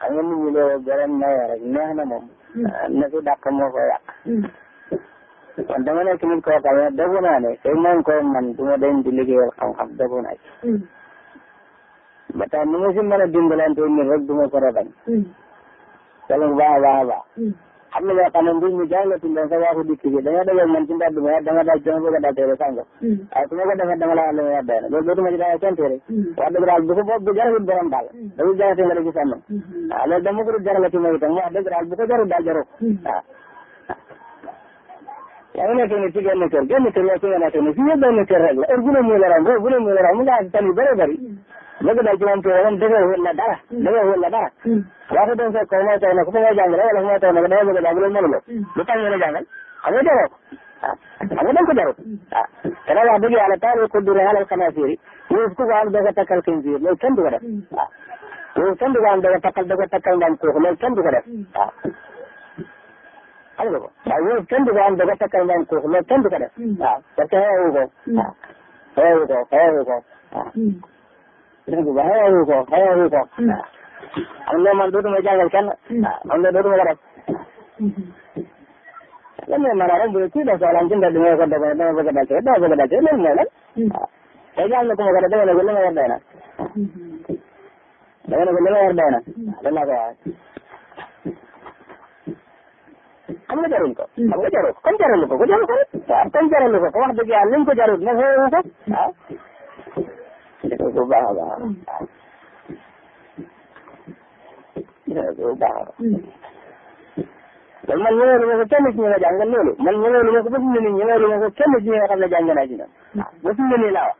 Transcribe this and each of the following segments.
xam nga nit ñi léegi gërëm nawe rek neex na moom hmm. ah, na fi dàq moo ko yàq hmm. kon dama nekk nit koo xam ne dogu naa ne fekk maa ngi koy man du ma dem di liggéeyal xam-xam dogu naa ci hmm. ba tax ni ma si mën a dimbalante nit rek du ma ko bañ. solo bu baax a baax a baax xam na ñoo xam ne mbir mi jaay la tudd sa waaxu dikk gi da nga dajee man ci mbedd mi da nga daj dama bëgg a dajee rek sànq hmm. waaye su ma ko defee dama la wax li may wax doy na loolu dootuma ci dara tontu rek hmm. wax dëgg daal bu ko boobu bu jarawul daal dafa jaxase nga da ci sonn hmm. waaw loolu dama ko jarala ci ma itam wax dëgg daal bu ko jarul daal jarul waaw yaa ngi nekk nii ci genn kër genn kër yow ci nga nekk nii fii yëpp benn kër rek la heure bu ne muy la ram bu ne muy la mu ngaa tan yu bëgg daal ci moom kii moom dëgërwul la dara dëgërwul la dara waa ko doon fekk mooy taw na ko fu ngay jàngale wala fu ngay taw na ko dama bëgg daal loolu mënuloo lu tax ñu la jàngal xam nga jaroo ko waaw xam nga da nga ko jarut waaw te nag wax dëgg yàlla taal ko dure alal xanaasiir yi yooyu ku ko am da nga takkal kañ biir loolu kenn du ko def waaw loolu kenn du ko am da nga takkal da nga takkal ndam kooku loolu kenn du ko def waaw xam nga ko waaw yooyu kenn du ko am da nga takkal ndam kooku loolu kenn du ko def waaw parce que xeewu ko waaw xeewu ko xeewu ko waaw dégg nga ba xëyagu ko xëyagu ko xam nga man dootuma jàngal kenn xam nga dootuma ko def lan mooy maanaam rek bu dee kii def soxlaam ci mbedd mi ko def dama bëgg a dal ci dama bëgg a dal ci loolu mooy lan léegi am na ku ma ko def dama ne ko li ma war doy na dama ne ko li ma war doy na lan laa ko waxee xam nga jarul ko xam nga jarul ko comme jarul ko ko jarul ko rek waaw comme jarul ko ko wax dëgg yàlla li mu ko jarul na ko waaw njëkk bu baax a baax. njëkk bu baax a baax. kon man ñemeelu ma ko kenn ci ñi nga jàngal loolu man ñemeelu ma ko ba fi mu ne nii ñemeelu ma ko kenn ci ñi nga xam ne jàng naa ci ñoom. waaw ba fi mu ne nii laa wax.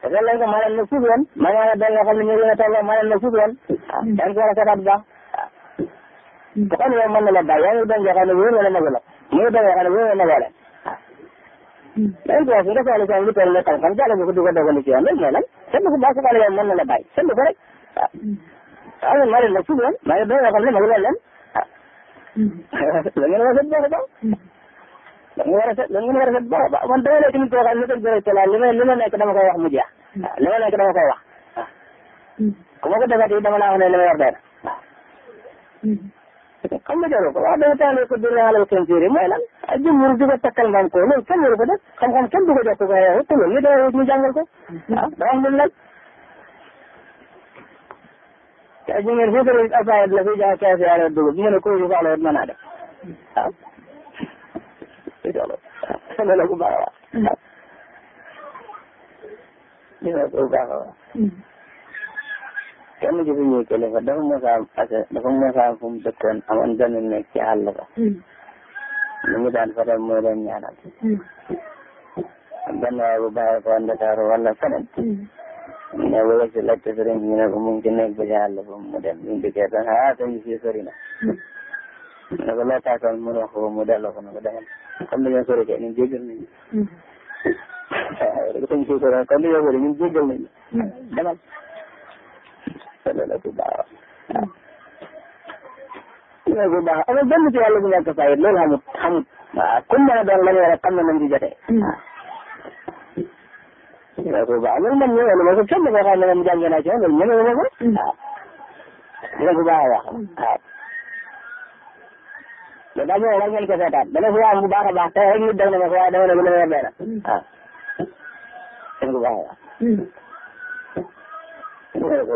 te loolu ko maanaam ne suuf yoon. maanaam da nga xam ne ñoo gën a tolloo maanaam ne suuf yoon. waaw yaa ngi ko war a seetaat bu baax. waaw. te kon yow mën na la bàyyi yaa ngi doon joxe ne wóor na la nagoo la. mu ngi doon joxe ne wóor na nagoo la. impuissance bi dafa yàlla lu toll ne tànkam jàll nga ko di ko dogali ci yoon loolu mooy lan seetlu ko baax su ko yàlla mën na la bàyyi seetlu ko rek waaw am na maa leen nag suuf leen maa leen doon yoo xam ne mag leen leen ah da ngeen war a set baax a baax da ngeen war a set da ngeen war a set baax a baax man dama nekk nit koo xam ne dañ koy laal li may li ma nekk dama koy wax mu jeex waaw li ma nekk dama koy wax waaw ku ma ko defati dama laa wax ne li may wax dara waaw ko xam nga jarul ko waaw danga taalee ko dina alal kenn jëri mooy lan jëmmur di ko takkal maam ko loolu kenn waru ko def xam-xam kenn du ko ko waaye te loolu li doy wut ñu ko waaw ah daa am lu lan te ñu ngeen féetale nit la fi jaay kaas yaara dugub mu ne ah. ko ñu soxla wut mën naa def waaw loolu la bu baax a baax loolu la bu baax a kenn ci suñuy kilifa dafa mos a am ase dafa mos a am fu mu dëkkoon amoon benn nekk ci àll ba. Hmm. li mu daan fa dem mooy leen ñaanal. Hmm. benn waay bu bàyyi ko Ndakaaru wala feneen. Hmm. ne bu yegg si laajte sëriñ ñu ne ko mu ngi ci nekk ba ci àll ba mu dem ñu dikkee dañ ah sëñ bi sori na. ne ko loo taataan mu wax ko mu delloo ko ne ko demal comme dañoo sori kay ñun jéggal nañu. waaw kon dañoo sori ñun jéggal nañu demal. sell la ku baax waaw la ku baax amul benn ci yàlla bu ñàkk fayit loolu xamut xamut waaw comme mën a doon la ñu rek xam na nañ ci jotee waaw la ku baax loolu man ñëwee ma ko kenn ko xam ne man jàngee naa ci loolu ñëwee ma ko waaw la ku baax wax waaw mais daa ñëw rek ngeen ko seetaat dana fi am bu baax a baax te rek nit def na ma ko waaye dama ne bu ne weer benn waaw la ku baax wax lan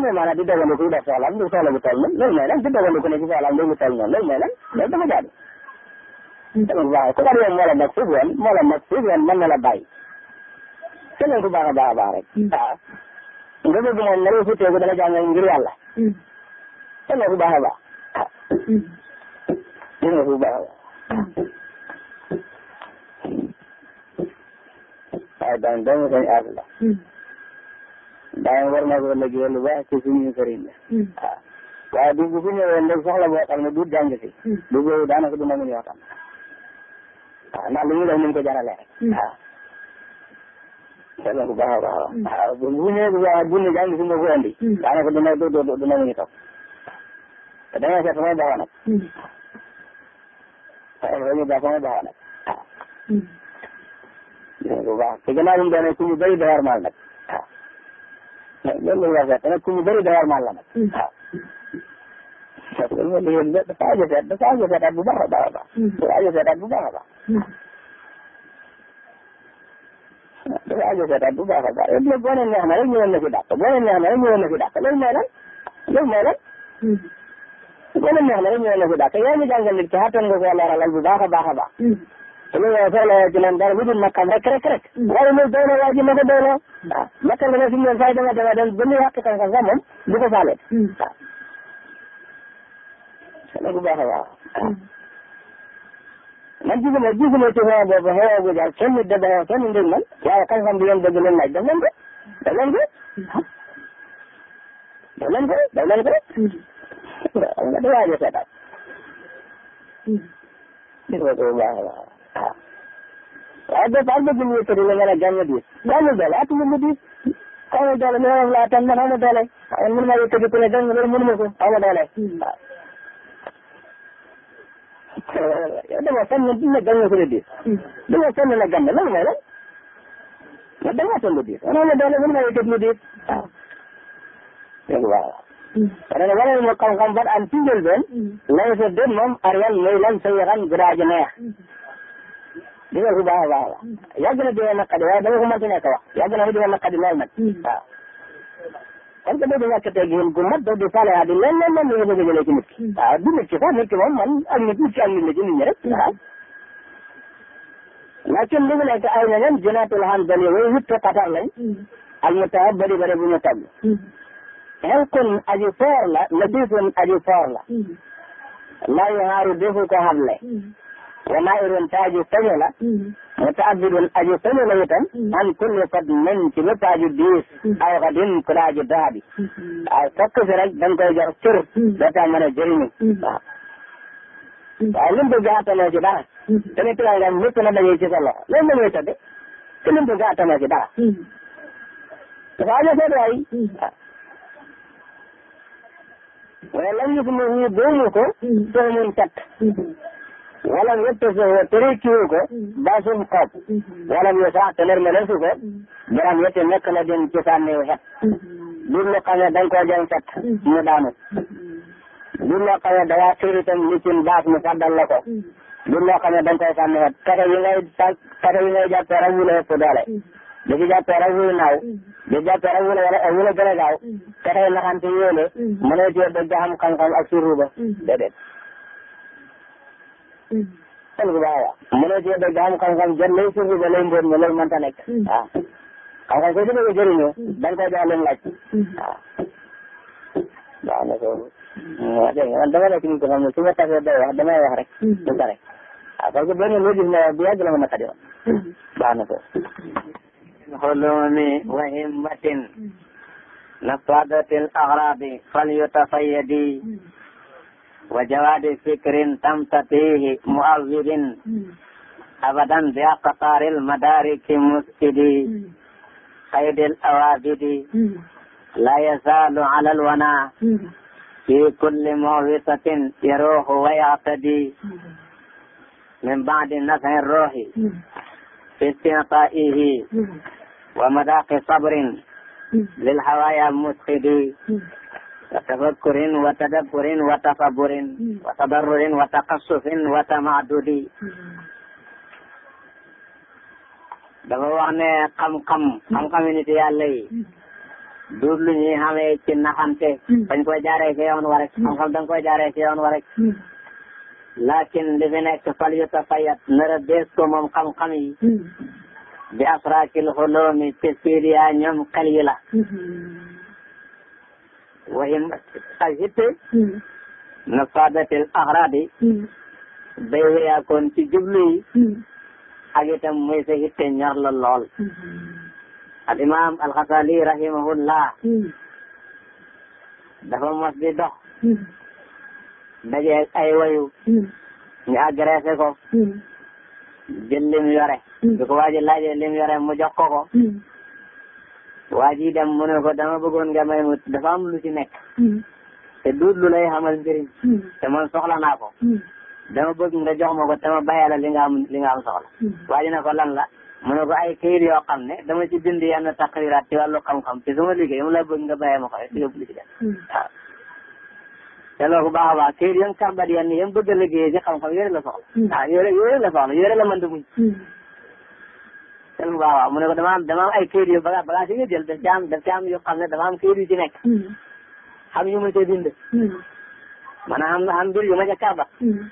mooy maanaam di dogandiku def soxlaam di soxla bu toll noonu loolu mooy lan di dogandiku ne ci soxlaam def bu toll noonu loolu mooy lan loolu dafa jaadu. tamit waaw ku war yow moo la mag foofu yoon moo la mag foofu yoon mën na la bàyyi. keneen ku baax a baax a baax rek. waaw nga bëgg moom nga lay futteeku dana jàng ngir yàlla. keneen ku baax a baax. keneen ku baax a baax. waaye daan doomu sañ aar la. daañu war na ko liggéeyal lu baax ci suñu sëriñ la. du bu ñëwee nag soxla boo xam ne du jàng si. Hmm. du boobu daanaka du nangu ñu ni mu ko jaralee rek. Hmm. waaw. jàllale ko baax a baax a baax. Hmm. bu ñëwee bu baax bu ne jàng si nga ko andi. daanaka du na du du du nangu ñu toog. te da ngay seet sama baax nag. waaw loolu baax sama baax nag. waaw. jàllale ko ku ñu bëri dawarmaal loolu la ñu war a seet nag ku ñu bëri da war maal la nag waaw. parce que loolu yëpp da dafa aajo seet dafa aajo seetaat bu baax a baax a baax. Hmm. dafa aajo seetaat bu baax a baax. Hmm. dafa aajo seetaat bu baax a baax lépp boo leen neex na rek ñu leen la fi dàq boo leen neex na rek ñu leen la fi dàq loolu mooy lan loolu mooy lan. Hmm. boo leen neex na rek ñu leen la fi dàq yaa ngi jàngal nit ki xattan nga koo leeralal bu baax a baax a baax. lu yow soxla yow ci leen dara lu dul makkam rek rek rek waaye loolu doy na waa ji ma ko doy loo waaw makkam dana fi mu leen fay dama dama dem ba muy yàq xam-xam sax moom du ko faale waaw xanaa bu baax a baax man gisuma gisuma ci xew boobu xew bu jaar kenn nit da dayo kenn nit man waaye xam-xam bi ngeen bëgg leen laaj daf leen ko daf leen ko daf leen ko daf leen ko am nga da waajo seetaan gisuma ko bu baax a baax البيت البيت يسري لما انا جامد جامد بالي اتم المدير قام بالي من انا لا تنم انا بالي من ما يتجي كل جامد من منكم انا بالي dama sonn dina gànna ko la diir dama sonn na gànna lan mooy lan ma dama sonn diir wala ma doole mën naa yëkkati lu diir waaw dégg waaw ren wala ma xam-xam ban am ci njëlbeen lay sa dén moom ar yan mooy lan sa yaram gëdaa ji neex digal bu baax a baax la yàgg na dina naqari waaye dama ko mënti nekk wax na mu dina naqari lool nag waaw parce que doo ñàkk tey jigéen gu mat doo di fale di leen leen leen nga bëgg a jëlee ci nit ki waaw du nit ki sax nit ki moom man ak nit ki ak nit la ci nit ñi rek waaw lakin li mu nekk ay na leen jënaatul xam dal yooyu huit patar lañ al mu tawa bëri bëri bu aji foor la la diisoon aji foor la laa yu xaaru wala irin te aju sañu la. mu taabidun aju sañu la itam. Mm-hmm. an kulli fat nañ ci lépp aju diis. Mm-hmm. aw xadim ku la aju daabi. waaw mm-hmm. fokk si rek da nga koy jox cër. doo taa mën a jëriñu. waaw. waaye lim bu ci dara. dana tëral nga lépp la dajee ci sa loxo loolu la ñuy tëddee. te lim bu gàttaloo ci dara. dafa aju seen waay. waaw. waaye lan ñu fi mu wóor doomu wala ñëpp tere kiiwu ko basum mm-hmm. xob mm-hmm. wala ñu sax te leer na ko borom mm-hmm. yëpp nekk na dem ci sànniw xet biir loo xam ne dañ ko jëm set ñu daanu biir loo xam ne dangaa xiir itam li ci baas mu fàddal la ko biir loo xam ne dañ koy sànni xet kata yi ngay kata yi ngay jàppee rek wula ëpp doole di ci jàppee rek wula naaw di jàppee rek wula wala wula gën a gaaw kata yi naxante yéene mënoo cee dëgg xam xam ba xel bu baax la mënoo cee dëgg am xam-xam jot lay suuf ba lay mbóot ma loolu mënta nekk mm. waaw xam a mm. da nga koy jox lim laaj mm. waaw na soo man dama nekk nit ko xam ne su ma tasee day wax damay wax rek du ko rek waaw parce que boo nee loo gis ne bu yàgg la mën a xadi woon na soo xulumi wa himmatin وجواد فكر تمتطيه مؤذر أبدا بأقطار المدارك مسجدي خير الأوابد لا يزال على الونا في كل موعظة يروح ويعتدي من بعد نفع الروح في استنقائه ومذاق صبر للهوايا مسخدي وتفكر وتدبر وتفبر وتضرر وتقصف وتمعدد dafa wax ne xam-xam xam-xami nit yàlla yi duut lu ñuy xamee ci naxante dañ koy jaaree ci yoon wa rek xam-xam dañ koy jaaree ci yoon wa rek lakin li fi nekk fal yu tafayat nara dees ko moom xam-xam yi bi asraakil xuloomi ci ñoom xel yi وهم خجت نفادة الأغراض بيه يكون في جبلي حاجتم مويسة هت نيار للول الإمام الغزالي رحمه الله dafa mos di dox dajeeg ay wayu ñu agressé ko jël yore bi ko waa ji lim yore mu jox ko waa ji dem mu ne ko dama bëggoon nga may mu dafa am lu ci nekk. te duut lu lay xamal njëriñ. te man soxla naa ko. dama bëgg nga jox ma ko te ma bàyyi la li nga am li nga am soxla. waa ji ne ko lan la mu ne ko ay këyit yoo xam ne dama ci bind yenn taqriraat ci wàllu xam-xam te su ma liggéey mu la bëgg nga bàyyi ma ko rek yóbbu li ci def. waaw te loolu bu baax a baax këyit yan kàmbat yan yéen bëgg a liggéeyee ci xam-xam yore la soxla. waaw yore yore la soxla yore la mënta muñ. waaw waaw mu ne ko dama am dama am ay kayit yu te bagage yi nga am daf am yoo xam ne dama yu ci nekk. Hmm. xam yu ma see bind. Hmm. maanaam mbir yu ma ca kàbba. Hmm.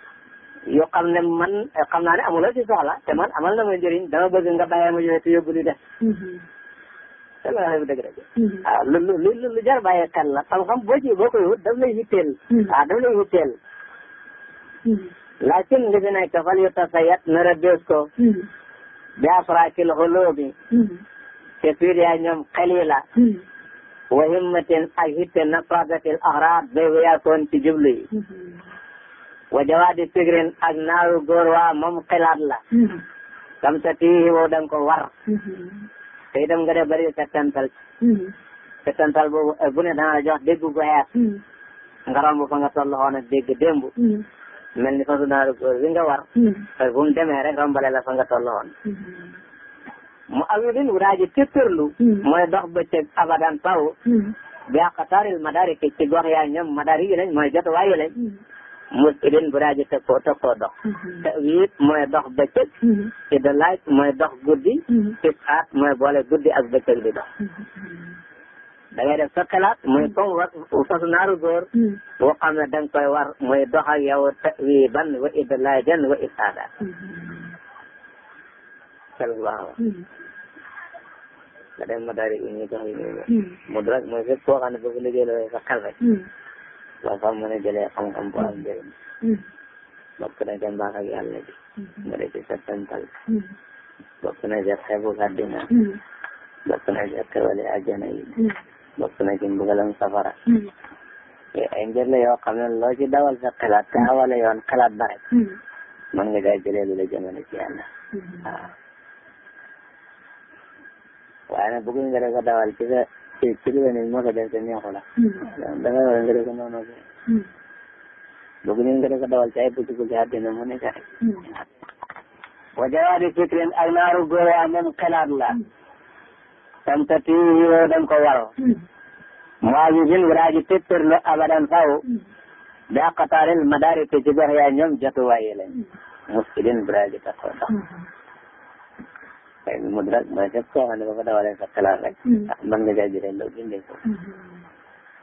ne man a naa ne amuloo ci te man amal na ma njëriñ dama bëgg nga bàyyee ma yooyu te yóbbu li def. te la dëgg rek. waaw lu lu lu jar bàyyee xel la xam-xam boo ci boo koy wut daf lay yitteel. waaw ah, daf lay yitteel. yu ko. bi afraakil xulubi mm-hmm. te ñoom xalila mm-hmm. wa himmatin ak hitte nafadatil ahraad bay wayaakoon ci jublu yi mm-hmm. wa jawaadi sigrin ak naaru góor waa moom xilaat la kam sa tiihi ko war te itam nga def bari settantal settantal boobu eh, bu jox dégg gu nga romb fa nga tollu xoon ak mel ni fasu naaru góor bi nga war heure hmm. bu mu demee rek rombale la fa nga tolloon hmm. mu awilin wuraaji téppérlu hmm. dox bëccëg abadan paw bi aqtaaril madariki ci gox yaa ñoom madari yi lañ mooy jotuwaay yi lañ mus idin buraaji tëkkoo tëkkoo dox tawiit mooy dox bëccëg idalaaj mooy dox guddi is aat mooy boole guddi ak bëccëg di dox da ngay def sa xalaat muy mm. comme wa fasu naaru góor mm. boo xam ne da nga koy war muy dox ak yow wi ban wa idlaay dan wa ifsaada mm. sallallahu nga dem ma daal di ñuy mu drag koo xam ne bëgg liggéey sa xel rek loo fa mën a jëlee xam-xam bu am njëriñ bokk na ca mbaax ak yàlla bi nga def ci sa tànkal bokk na ca xeebu àddina bokk bokk na ci mbugalam safara hmm. eh, ay mbir la yoo xam ne loo ci te awale yoon xalaat ba rek hmm. mën nga daa jëlee lu la jëmale ci yàlla hmm. ah. nga ko dawal ci sa ni moo ko def te neexu nga def ko noonu ko bëgguñ nga def dawal ci ay bëccëgu ci àddina mu nekk rek wa jawaadi fikrin ak naaru tamtati yoo da nga ko waro hmm. muazizin walaa ji téppérlu abadan faw bi hmm. aqtaaril madariki ci gox yaa ñoom jotuwaay yi lañ hmm. mufsidin walaa ji taxaw tax mu mudrak mooy képp koo xam ne ba ko dawalee sa xalaat rek ah mën nga caa jëlee loo bindee ko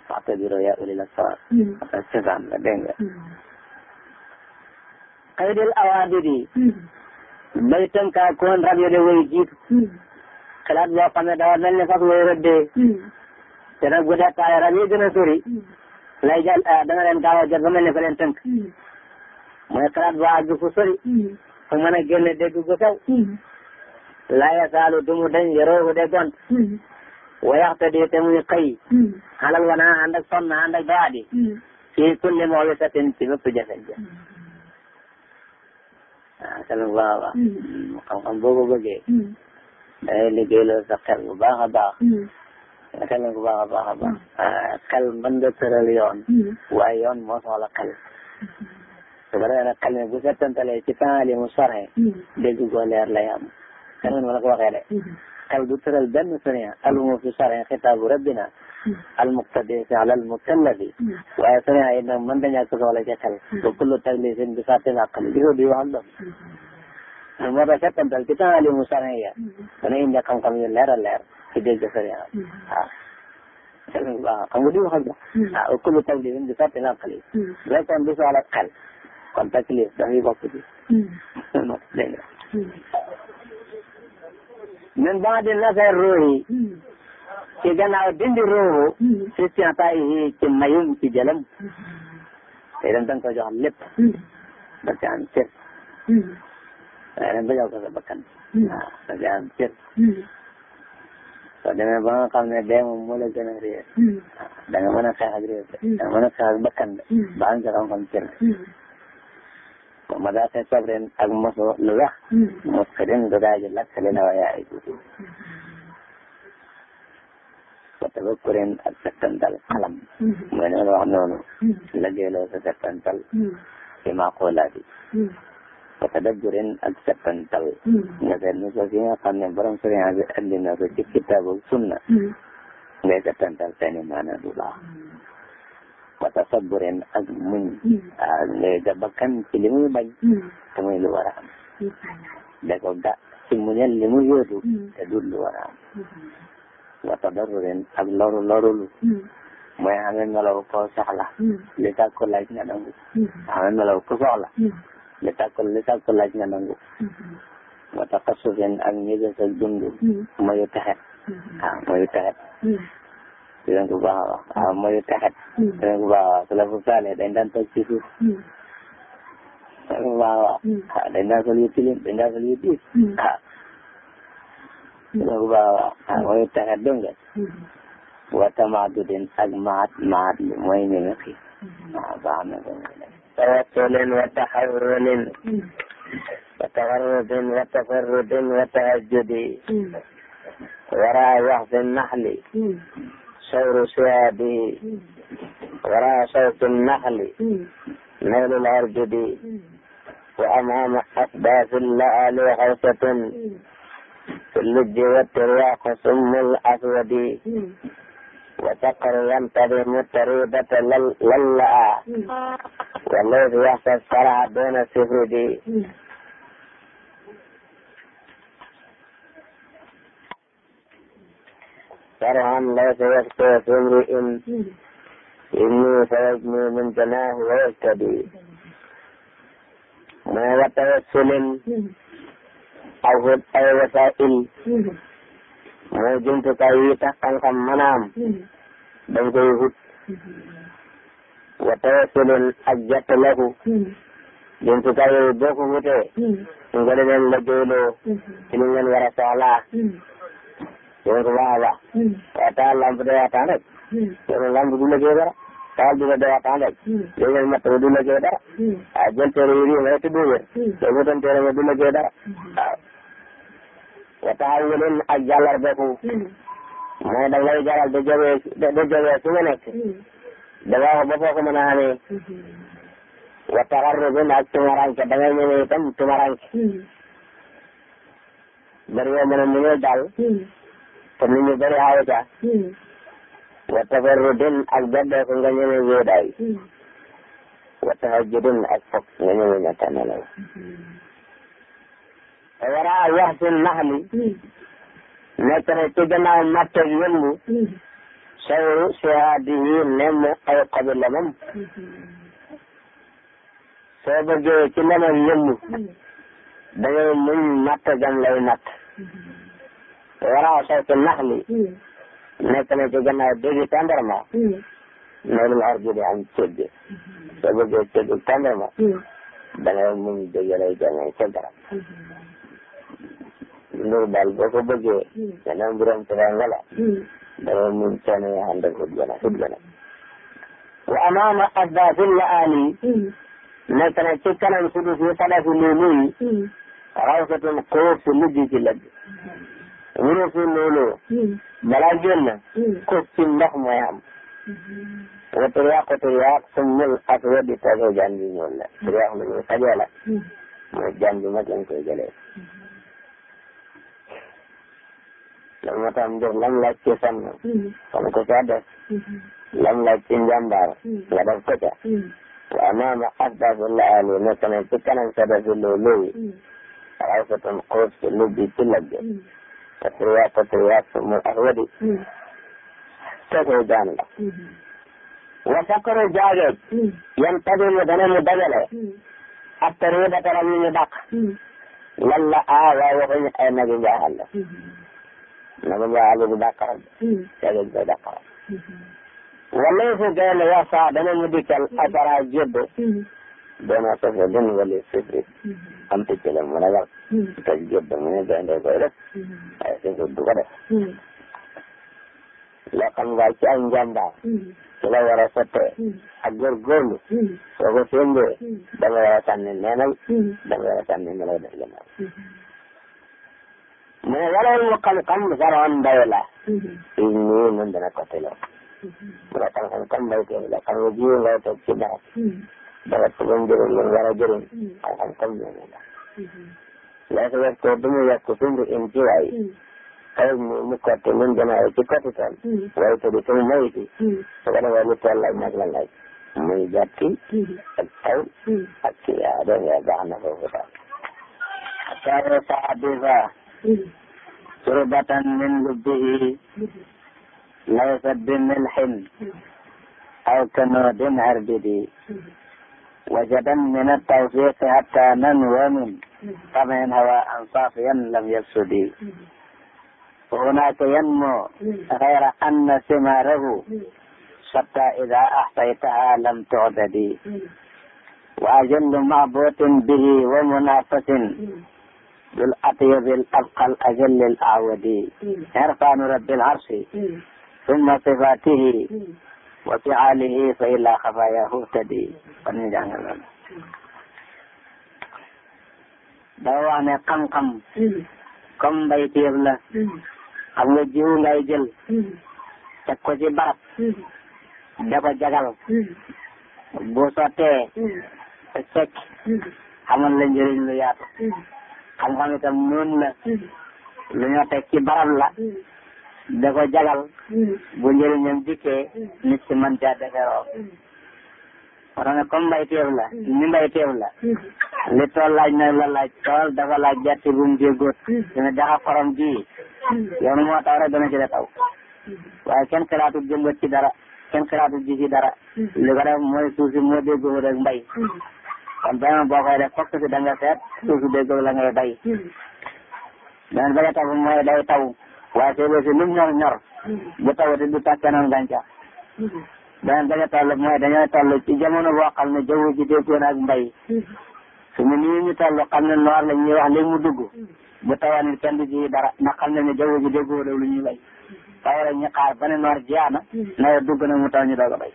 waxtabiroo yaa ulil absaar ak cosaan la dégg nga qaydil way jiitu xalaat boo xam ne dafa mel ni fas ngay rëddee hmm. te nag bu dee taay a sori hmm. lay jël ah, dana leen gaaw a jot ba mel ni ko leen tënk hmm. mooy xalaat boo àgg fu sori fu mën a génne dégg gu sew laa yasaalu dumu dañ yaroohu de gont wayaxtadi te muy xëy xalal wanaa ànd ak sonn ànd ak doyadi fii kulli moobi satin ci bépp jafe-jafe waaw ah, xam-xam boo ko bëggee dangay liggéeyloo sa xel bu baax a baax mm. xel bu baax a baax a baax mm. ah, xel mën nga tëral yoon mm. waaye yoon moo soxla xel su ko defee nag xel mi bu settantalee ci temps li mu sore dégg goo leer lay am kenn mën na ko waxee de xel du tëral benn sëriñ aluma fi sore xitaabu rabbina al muqtadi fi alal mukallafi waaye sëriñ yi nag mën dañaa ko soxla ci xel ba kullu taglifin bi saatin aqli gisoo di wax ak moo tax settantal ci taalimu saniya dana indi xam-xam yu leer a leer ci dégg a waaw waaw xam nga di wax ak waaw kullu taklifin bi sarti naqli lekkoon du soxla xel kon taklif dafay bokk ci dégg nga min baadi nasar ruuhi ci gannaaw dindi ruuhu fi sientaayi ci mayum ci jëlam te itam da nga ko jox lépp da ci day eh, ba jox ko sa bakkan. Hmm. Ah, hmm. ba nga xam ne dee moom moo hmm. ah, nga mën a xeex ak réer de. da nga mën ba am ca xam-xam cër. ma daa koy sabrin ak moso lu wex. mos na waaye ay tuuti. wa tafakkurin ak settantal xalam. mooy li ma la wax noonu. la gëloo sa settantal. ci wa tadabburin ak settantal nga seet ni ko hmm. ah, si nga xam ne borom sëriñ bi andi na ko ci kitaab ak sunna ngay settantal seeni maana bu baax wa tasabburin ak muñ waaw ngay ga bakkan ci li muy bañ a am da ko ga ci muñal li muy yóotu te dul lu war a am wa tadarrurin ak loru lorulu mooy amee melaw koo li tax ko laaj nga nangu amee melaw ko soxla li sàkku li sàkku laaj nga nangu mm-hmm. moo tax xasufin ak ñëgas ak dund mayu texet waaw mayu texet su leen ko baax a wax waaw mayu texet su leen ko baax a wax su la fu saalee dañ daan toog ci suuf waaw mm-hmm. waaw mm-hmm. ah, dañ daan sol yu tilim dañ daan sol yu diis waaw su leen ko baax a wax waaw ah, mayu texet dégg nga wa tamaadudin ak maat maat li mooy mi ngi xii waaw baax na ko tawassulin wa taharrunin wa tawarrudin wa tafarrudin wa tahajjudi wara waxfi naxli sawru siyaabihi wara sawti naxli naylul arjudi wa amaama asbaafi laali xawsatun fi lujji wa tiryaaqu summul aswadi وسكر ينتظر مضطري بطل لن لقى والليث يحسب الصرع دون السفر دي شرعا ليس يخطئ في امرئ إني فيجني من جناه ويهتدي ما وتوسل أو أي وسائل moo jumtukaay yi tax xam-xam mën a am hmm. dañ koy wut hmm. wa tawassulun ak jàppaleku hmm. jumtukaay yooyu boo ko wutee nga di leen la dooloo ci li ngeen war a soxlaa taal lamp day waxtaan rek yéen lamp du liggéey dara taal dina day waxtaan rek yéen ngeen matt du liggéey dara waaw jël téere yi rek te du wér yéen ngeen téere ma du liggéey dara waaw wa taawulun ak jàllarbeeku. Hmm. mooy da ngay jaral di jógee di jógee su ma nekk. Hmm. damaa ba foo ko mën a amee. Hmm. wa ak tumaranke da ngay ñëwee itam tumaranke. bari yoo mën a muñal daal. te nit ñu bari aawa ca. wa tabarrudin ak beddeeku nga ñëwee wéedaay. wa tahajjudin ak foog nga ñëwee ñàkk a nelaw waraa waxtu naxli nekk na ci gannaaw matteeg yëngu sawru sihaadihi nemm ay xobi lemam soo bëggee ci lemam yëngu da ngay muñ matt gam lay matt waraa sawtu naxli nekk na ci gannaaw déggi tàndarma noonu la argi di am cëgg soo bëggee cëgg tàndarma da ngay muñ dégg lay jamee ca garab loolu daal boo ko bëggee. maanaam hmm. mbiram teranga la. dafay hmm. mujj coono yoo xam ne ut gën a ut gën a. Hmm. wa amaama addaatil la aali. nekk na ci kanam suuf si xalaatu loolu yi. rawsatul xóot si mujj ci lëgg. wuro si loolu. balaa génn. kos ci ndox mooy am. woto yàqu te yàq suñu ak weddi toogoo jàmm bi ñëw la. te yàq lu ñuy xajoo la. mooy jàmm bi ma gën koy jëlee. loolu moo tax mu def lam laaj ci sonn kon ko ca def lam laaj ci njàmbaar nga def ko ca wa amaama afdal la ali nekk na ci kanam sa def loolu ay sa tan xoos lubbi ci lagg patriya patriya mu ahwadi kooku jaan la wa sakkaru jaageej yan tabiru dana mu dajale ak tariba taram ñu dàq lan la ah waaye waxuñu ay nag yu jaaxal la na ko jaaxal bu dàqaram. yàlla hmm. bu koy dàqaram. Hmm. wala su dee la yasa dana mu dikkal asara jébbo. doon na soxla gën wala mu ne gaynde koy def. waaye hmm. sufri du ko def. loo xam nga ci am njàmbaar. ci la war a sottee. ak góorgóorlu. soo ko sémbee. da nga war a sànni neenal. da nga war a sànni mu ne yorewul xam-xam saroon mbay la. fii mm-hmm. nii mun dana ko tëloo. mu ne xam-xam comme mbay teew la xam nga jiw ngay toog ci nawet. Mm-hmm. dara ci bañ jëriñ lu war a jëriñ. xam-xam comme loolu la. Mm-hmm. mu kotti mun dana ay ci kotti tool. waaye te di suñu mbay bi. su ko defee lu tool la laaj. muy gàtti. ak taw. ak kii yaa ah, dégg na foofu daal. ak saa yoo turbatan min lubbihi laysa bimilhin aw kanoodin arbidi وجدا من التوفيق حتى ننوى من طمع هواء صافيا لم يفسد وهناك ينمو غير أن ثماره حتى إذا أحصيتها لم تعدد وأجل معبوط به ومنافس ذو الأطيب الأبقى الأجل الأعودي عرفان رب العرش ثم صفاته وفعاله فإلى خفاياه اهتدي kon jàngal loolu day wax ne xam-xam comme mbay la xam nga jiwu ngay jël teg ko ci barab ko jagal bu sottee fekk xamal la njëriñ lu xam-xam itam noonu la mm-hmm. lu ñoo teg ci barab la mm-hmm. da ko jagal mm-hmm. bu njëriñam dikkee nit ci mën caa deferoo wara nga comme mbay teew la ni mbay teew la li tool laaj nag la laaj tool dafa laaj gerte bu mu jéggóot dina jaxa xorom ji yoonu moo taw rek dana ci da taw waaye kenn xalaatu jëmbat ci dara kenn xalaatu ji ci dara li ko def mooy suuf si moo déggoo rek mbay kon beneen boo koy def fokk si da nga seet suuf si déggoog la ngay bay beneen ba nga taw mooy day taw waaye si lum ñor ñor bu tawati du tàkkee noonu gàncax beneen ba nga toll mooy dañoo toll ci jamono boo xam ne jaww ji déggoon ak mbay su nii ñu toll xam ne noor la ñuy wax léegi mu dugg bu tawaan kenn du ji dara ndax xam ne ne jaww ji déggoo lu ñuy bay taw la ñu xaar ba ne noor jeex na nawet dugg na mu taw ñu doog a bay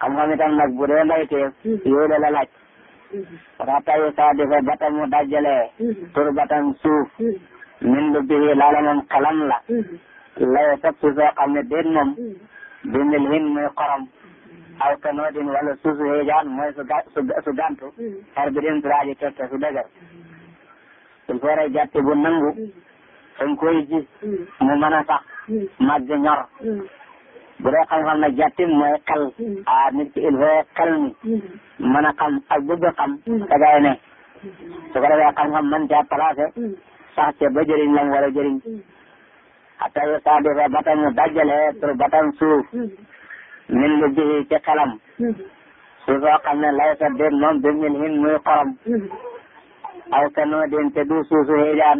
xam-xam itam nag bu dee layteef mm-hmm. yooyu la la laaj mm-hmm. ratayu saa di fa batam mu dajale mm-hmm. tur batam suuf min lu bihi laala moom xalam la laye sab si soo xam ne déet moom bi mil hin muy xorom aw kanoodin wala suusu hijaan mooy su su gàntu xar bi din turaaji kekke su dëgër il faut rek gàtt bu nangu fa koy ji mu mën a sax màgg ñor bu dee xam-xam nag jàtti mooy xel mm-hmm. ah nit ki il faut xel mi mm-hmm. mën a xam ak bëgg a xam ka mm-hmm. gaay ne su ko defee xam-xam man caa placé sax ca ba jëriñ lam war a jëriñ yu saa di fa bata mu dajale pour batam suuf min lu jëhi ci xelam suuf soo xam ne lay se déet moom bi min hin muy xorom aw kanoo den te du suusu heejaan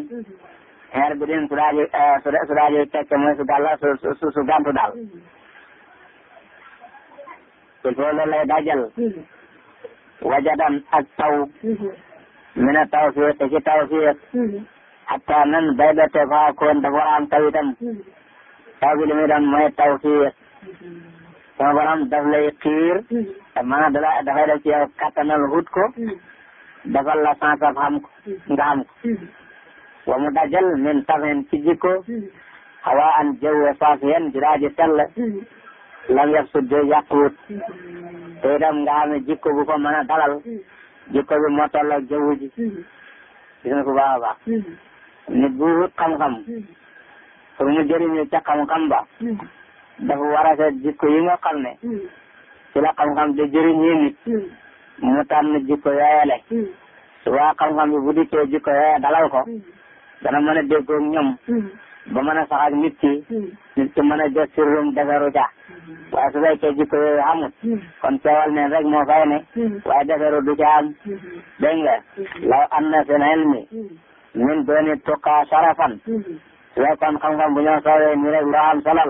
xeer bi den su daaji eh, su daaji tekk mooy su gàlla su su su daal loolu lay dajal mhm. wajadan ak taw mhm. mina tawfiq ci tawfiq mhm. hatta nan bayda te faa koon dafa am taw itam taw bi li muy doon mooy tawfiq sama borom daf dafay def ci yow kattanal hut ko dafal la sens ab xam ko nga ko wa mu dajal min tafen ci jikko xawa an jawwe saafiyan jiraaji sell lam yaf sut de yàquwut te itam nga xam ne bu ko mën dalal jikko bi moo toll ak jaww ji gis nga ko baax a baax nit bu wut xam-xam pour ca xam-xam ba dafa war a seet jikko yi nga xam ne ci la xam-xam de jëriñee nit mu tànn jikko yooyale su waa xam-xam bi bu dikkee jikko dalal ko dana mën a déggoo ñoom ba mën a sax ak nit ki nit ki mën a jot sirrum deferu waaye su fekkee jikko yooyu amut hmm. kon teewal ne rek moo fay ne hmm. waaye deferu du ca am hmm. dégg nga law am na seen elmi min dooni tuqaa sarafan su fekkoon xam-xam bu ñoo soowee nii rek loo am la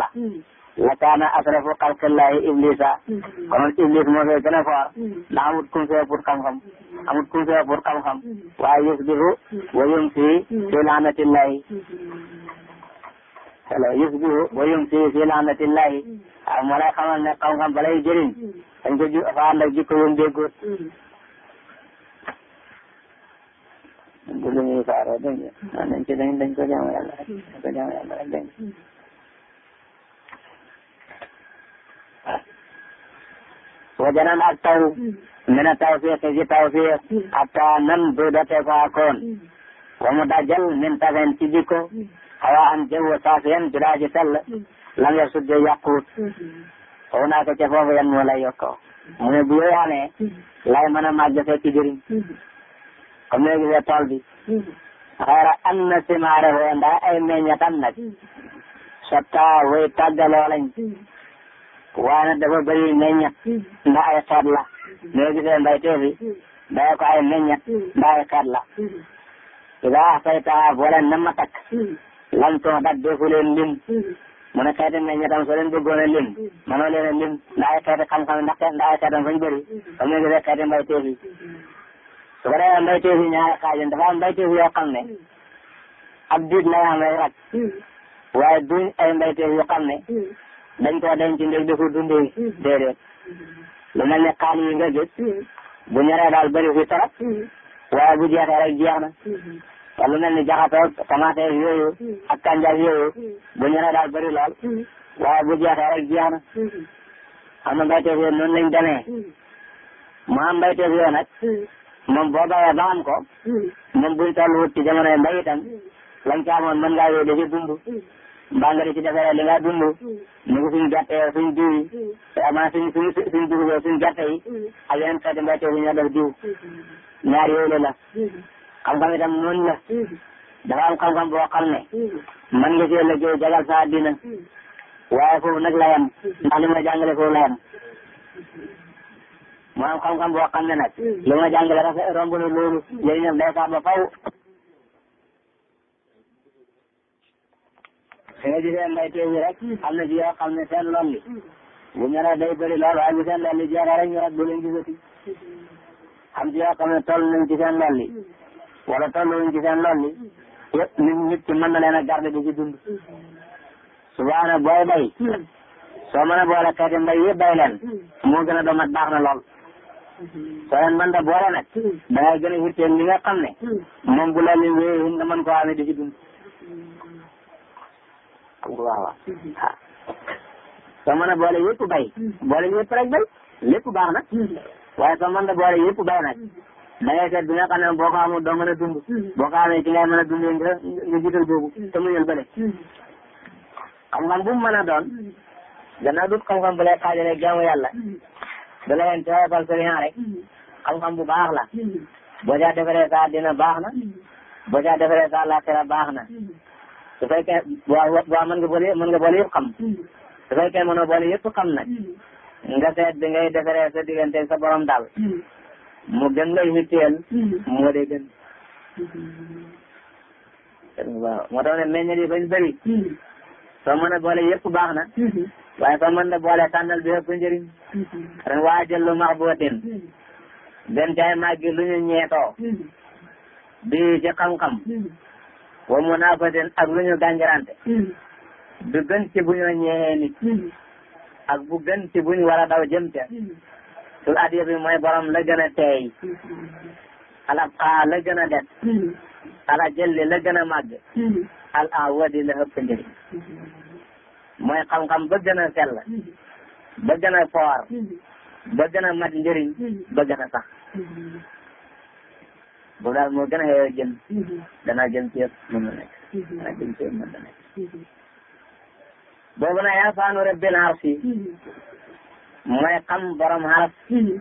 la kaana asrafu xalqillahi iblisa konoon iblis moo fee gën a foor ndax amut kum fee pour xam-xam amut kum fee waaye yusbihu wa yumsi fi laanatillahi la yusbihu wa yumsi fi laanatillahi mm. ah moo lay xamal ne xam-xam balay jëriñ mm. dañ ko ju fa ànd ak jikko yu déggut mm. du lu ñuy faaroo dégg nga ah, dañ ci dañ dañ ko jaamu yàlla rek dañ ko jaamu yàlla rek dégg wajanan ak taw mina tawfiq ci tawfiq hatta nan du date faakoon wa mu dajal min tafen ci jikko xawaan jaww saafiyan bilaa ji sell mm-hmm. lam yasut de yàquut xaw mm-hmm. naa ko ca foofu yan moo lay yokkoo mm-hmm. mu ne bu yooyu lay mën a màgg fekk jëriñ comme léegi see tool bi xayra an na simaare woo ndaa ay meññatam nag sotta way tàggaloo lañ waane dafa bëri meññat ndaa ay xeet la léegi see mbayteef yi day ko ay meññat ndaa ay xeet la idaa saytaa boo leen na ma lam toodat defu leen lim mm-hmm. mu ne xeeti meññe tam soo leen bëggoon a lim mënoo mm-hmm. leen a lim ndax ay xeeti xam-xam ndax ndax ay xeetam fañ bëri comme ni nga gisee xeeti mbayteef yi mm-hmm. su ko defee mbayteef yi ñaari xaaj dafa am mbayteef yoo xam ne ab diit lay am lay dañ ko dundee déedéet lu mel ne xaal yi nga gis bu ñoree daal bëri fi trop waaye bu jeexee rek na te lu mel ni jaxatoog tomate yooyu hmm. ak kanja yooyu hmm. bu ñoree daal bëri lool hmm. waaye bu jeexee rek jeex na am na mbayteef yooyu noonu lañ demee mu am mbayteef yooyu nag moom boo bayee ba am ko moom buñ toll wut ci jamonoy mbay itam lañ ca amoon mën ngaa yooyu da ci dund mbaa nga di ci defaree li nga dund ñu ngi suñ gerte suñ diw gerte yi ak yeneen xeeti mbayteef yi ñoo def diw ñaar xam-xam itam noonu la dafa am xam-xam boo xam ne man nag la yem ndax li ma jàngale foofu la yem mu am xam-xam boo xam ne nag li ma jàngale rafet romb na loolu jëriñam day nga am na ci yoo xam ne seen lool li bu ñoree day bëri lool waaye bu seen lool ne toll nañ ci li wala tolluwuñ ci seen lool yëpp nit nit ki mën na leen a di ci dund subaana booy bay soo mën a boole xeeti mbay yëpp bay leen moo gën a domat baax na lool soo leen mën da boole nag da ngay gën a hirteen li nga xam ne moom bu loolu wéyee hin nga mën di ci dund xam nga waaw waaw soo mën a boole yëpp bay boole yëpp rek bay lépp baax na waaye soo mën da boole yëpp bay béykat bi nga xam ne boo ko amul doo mën a dund. Mm-hmm. boo ko amee ci ngay mën a dundee nga nga jiital boobu. Mm-hmm. te mu ñëw bële. Mm-hmm. xam-xam bu mu mën a doon. gannaaw dut xam-xam bu lay xaajalee jaamu yàlla. da la leen teewal sëriñ rek. xam-xam bu baax la. boo caa defaree sa dina baax na. boo caa defaree sa laaxira baax na. su fekkee waaw waaw mën nga boole mën nga boole yëpp xam. su fekkee mënoo boole yëpp xam nag. nga seet bi ngay defaree sa digganteeg sa borom daal. mu gën la yitteel mm-hmm. moo dee gën mm-hmm. waaw moo tax ne meññal yi bañ bëri mm-hmm. soo mën a boole yëpp baax na waaye soo mën a boole tànnal bi yëpp njëriñ ren waa jël lu max bootin benn jaay màggi lu ñu ñeetoo bi ci xam-xam wa munaafatin ak lu ñu gàngirante du gën ci bu ñu ñeexee nit ak bu gën ci bu ñu war a daw jëm ca sul adiya bi mooy borom la gën a teey a abqa la gën a det al ajalli la gën a màgg al awadi la ëpp njëriñ mooy xam-xam ba gën a sell ba gën a foor ba gën a mat njëriñ ba gën a sax boobu daal gën a yeyoo jëm danaa jëm ci yëpp mën na nekk danaa jëm ci yëpp mën na nekk mooy xam borom xaraf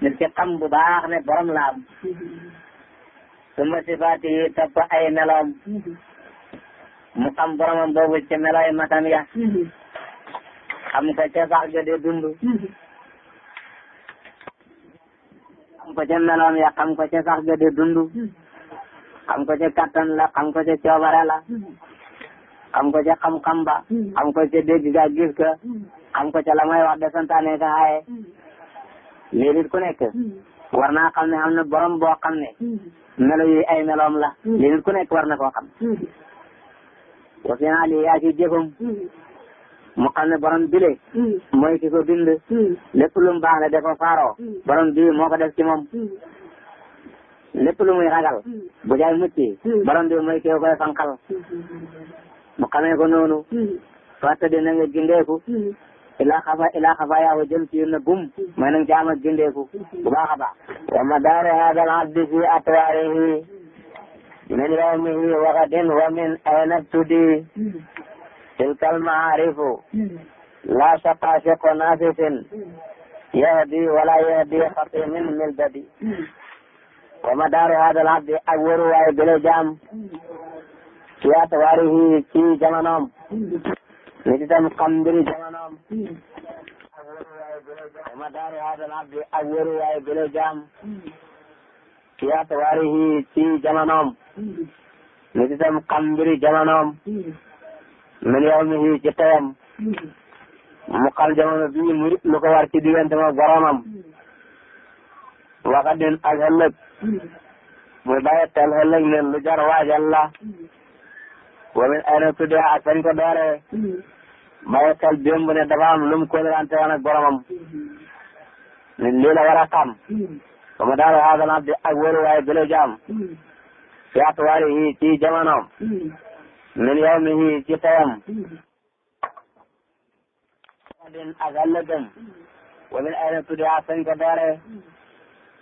nit ki xam bu baax ne borom laam suma sifaati yi topp ay mu xam boromam boobu ci melooy matam ya xam ko ca sax ga di dund xam ko ca meloom ya xam ko ca sax ga di dund xam ko ca kattan la xam ko ca coobare ko ca xam ko ca ka xam ko ca la may wax de santaane ka aaye mm. lii nit ku nekk mm. war naa ne am na borom boo xam ne mm. melo yi ay meloom la lii nit ku nekk war na koo xam fi naa lii yaa ci jëfam mu xam ne borom bile mooy ki ko bind lépp lu mu baax ne da ko faaroo borom bii moo ko def ci moom lépp lu muy ragal bu jaay mucci borom bi mooy kii koy fanqal mu xamee ko noonu fàtte di na nga gindeeku ilaa xafa ilaa xafa yaa ko jëm ci na gum may nañ ci am ak gindeeku bu baax a baax wa madaari hada al abdi fi atwaarihi min yawmihi wa gadin wa min ayna tudi tilka al maarifu laa shaqaashiqu naafisin yahdi wala yahdi xatimin milbadi wa madaari hada al abdi ak waruwaay bile jaam ci atwaarihi ci jamonoom nit itam xam mbiri jamonoom hmm. madaari haadal abdi ak wéruwaay bi la jaam ci hmm. atwaarihi ci jamonoom hmm. nit itam xam mbiri jamonoom min yawmihi ci teyam mu xam jamono bii mu lu ko war ci diggante ma boromam waxadin ak ëllëg muy bàyyi tel ëllëg ne lu jar waajal la wamin ay na tuddee ak fañ ko dooree mm-hmm. mayekkal démb ne dafa am lu mu kóolante woon ak boromam mm-hmm. lii la war a xam mm-hmm. ba mu daal haadal abdi ak wóoruwaay bi la jaam fi atwaarihi ci jamonoom min yawmihi ci tayam din ak ëllëgam wa min ay na tuddee ak fañ ko dooree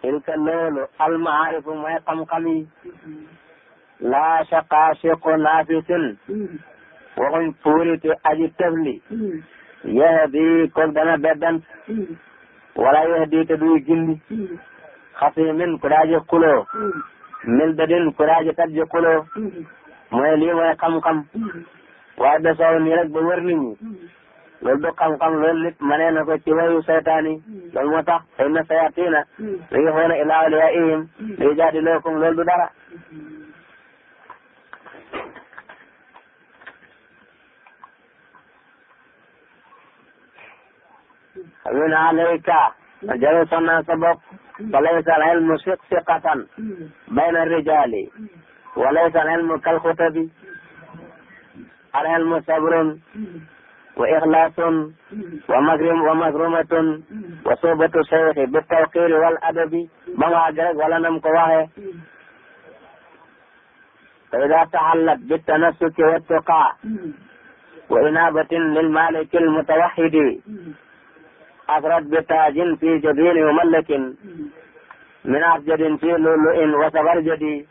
tilka loolu almaarifu mooy xam-xam yi laa shaqa shiqu naafisin waxuñ puuriti aji tefli yahdi koog dana beddan wala yahdi te duy gindi xasimin ku daaji xuloo mil dadin ku daaji tajji xuloo mooy lii mooy xam-xam waaye da soow nii rek ba wër nit ñi loolu du xam-xam loolu nit mënee na ko ci wayu saytaan yi loolu moo tax fa inna sayatina la yuxuuna ilaa li yujaadilookum loolu du wina alayka jaloson naa sa bopp walaysa al ilmu siqsiqatan bayna rijaali walaysa al ilmu kal xutabi al ilmu sabrun wa ixlaasun wa makrim wa makrumatun wa suhbatu seyxi bi tawqiiri wal adabi ba mu àgg rek wala nam ko waxee fa ida taxallat bi tanassuki wa tuqaa wa inaabatin lil maaliki al mutawahidi أفرد بتاج في جبين مملك من أسجد في لؤلؤ وسبرجد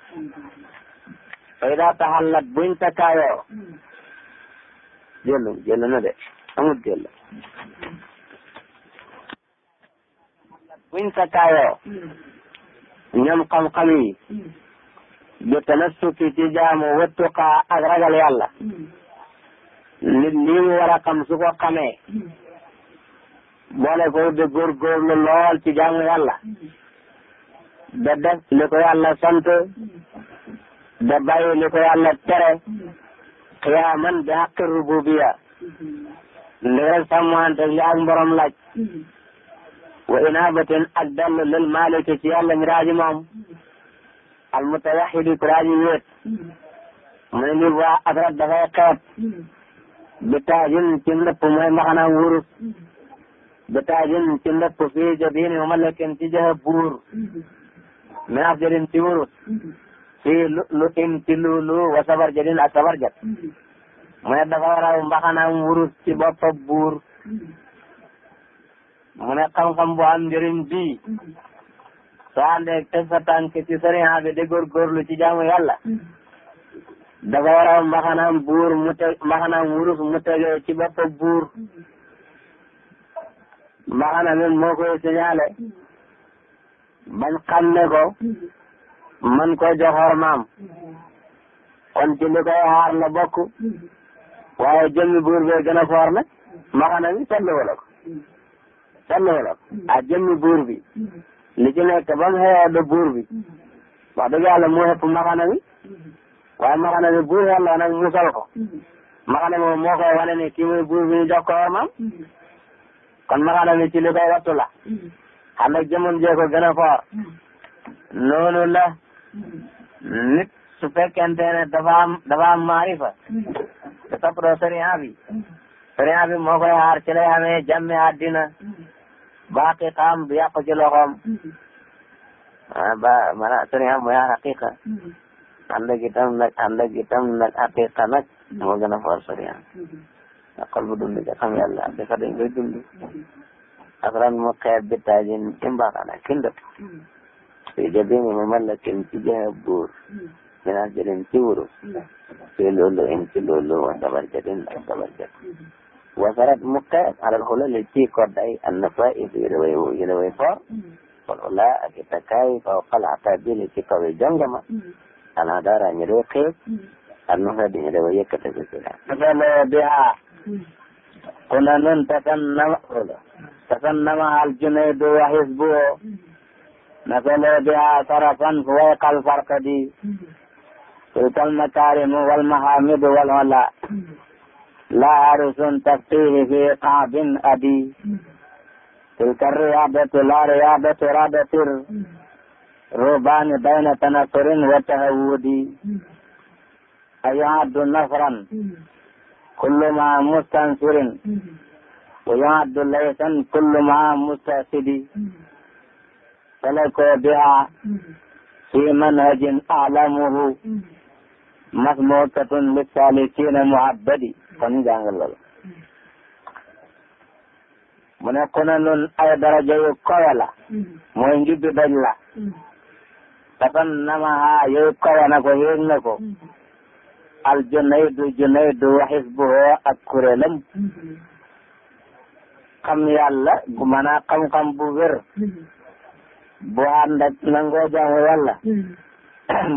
فإذا تحلت بنت كايو jël jël na de amul jël buñ takkaayoo ñoom xam-xam yi bi tanassuki ci jaamu wattuqaa ak ragal yàlla nit lii mu war a xam su ko xamee boole ko de góorgóorlu lool ci jaamu yàlla da def li ko yàlla sant da bàyyi li ko yàlla tere xiyaaman bi xaqi rububiya ndéel sàmmante li ak borom laaj wa inaabatin ak dall lil maaliki ci yàlla mi raaji al mutawaxidi ku raaji wéet mu ne li waa ak rat bi taajin ci nëpp mooy mbaxanaam bataajin ci ndëpp fii jabini malakin ci jaxa buur min afjalin ci wurus fii lu'lu'in ci luulu wa sabarjadin ak sabarjad mu ne dafa war a mbaxanaam wurus ci boppa buur mu ne xam-xam bu am njëriñ bii soo àndee teg sa tànk ci sëriñ bi di góorgóorlu ci jaamu yàlla dafa war a mbaxanaam buur mu teg mbaxanaam wurus mu tegee ci boppa buur mbaxana mi moo koy signalé bañ xam ko man ko jox xormaam kon ci li koy xaar la bokk waaye jëmmi buur bee gën a foor nag mbaxana mi seetluwala ko seetluwala ko ah jëmmi buur bi li ci nekk ba mu xëyoo buur bi wax dëgg yàlla mu xëpp mbaxana mi waaye mbaxana mi buur yàlla nag musal ko mbaxana moom moo koy ne kii mooy buur bi ñu jox ko xormaam kon ma xam ne ci li koy wattu la mm-hmm. xam ko gën a foor noonu mm-hmm. la mm-hmm. nit su fekkente ne dafa am dafa am maarifa da toppatoo sëriñ bi sëriñ bi moo koy aar ci lay amee jàmmi àddina ba xaqiqaam du yàqu ci loxoom ah, ba mana sëriñ mooy aar xaqiqa ànd ak itam nag ànd ak itam nag xaqiqa nag moo gën a foor sëriñ ndax xol bu dund ci xam yàlla ak dafa dañ koy dund ak ran mu xeeb bi taajin imbaxana kindatu fii jabini mu mallakin ci jëme buur minaan jërin ci wurus fii loolu in ci loolu wa dabar jërin ak dabar jët wasarat mu xeeb alal xulali ci kodday an na fa it yi daway yi daway foor wal ula ak itakaay faw xalaata bili ci kawe jongama ana dara ñu dee xeeb an nu xeeb ñu daway yëkkate ko ci daal kunanun tasannama tasannama aljunayd wa hizbuhu مثلوا بها طرفا فوق الفرقد تلك المكارم والمحامد والعلا لا عرس تفتيه في قعب أبي تلك الرياضة لا رياضة رابة ربان بين تنصر وتهود أيعد نفرا كل ما مستنصر ويعد ليسا كل ما مستفسد سلكوا بها في منهج أعلمه مسموكة للسالكين معبد kon jàngal la mm-hmm. mu ne ku ne nun ay daraja yu kowe la mm-hmm. mooy njubbi daj la tafan mm-hmm. namaha yooyu kowe na ko yéeg na ko al junaydu junaydu wa xisbuhu ak bu mën a xam-xam bu wér bu ànd ak nangoo jaamu yàlla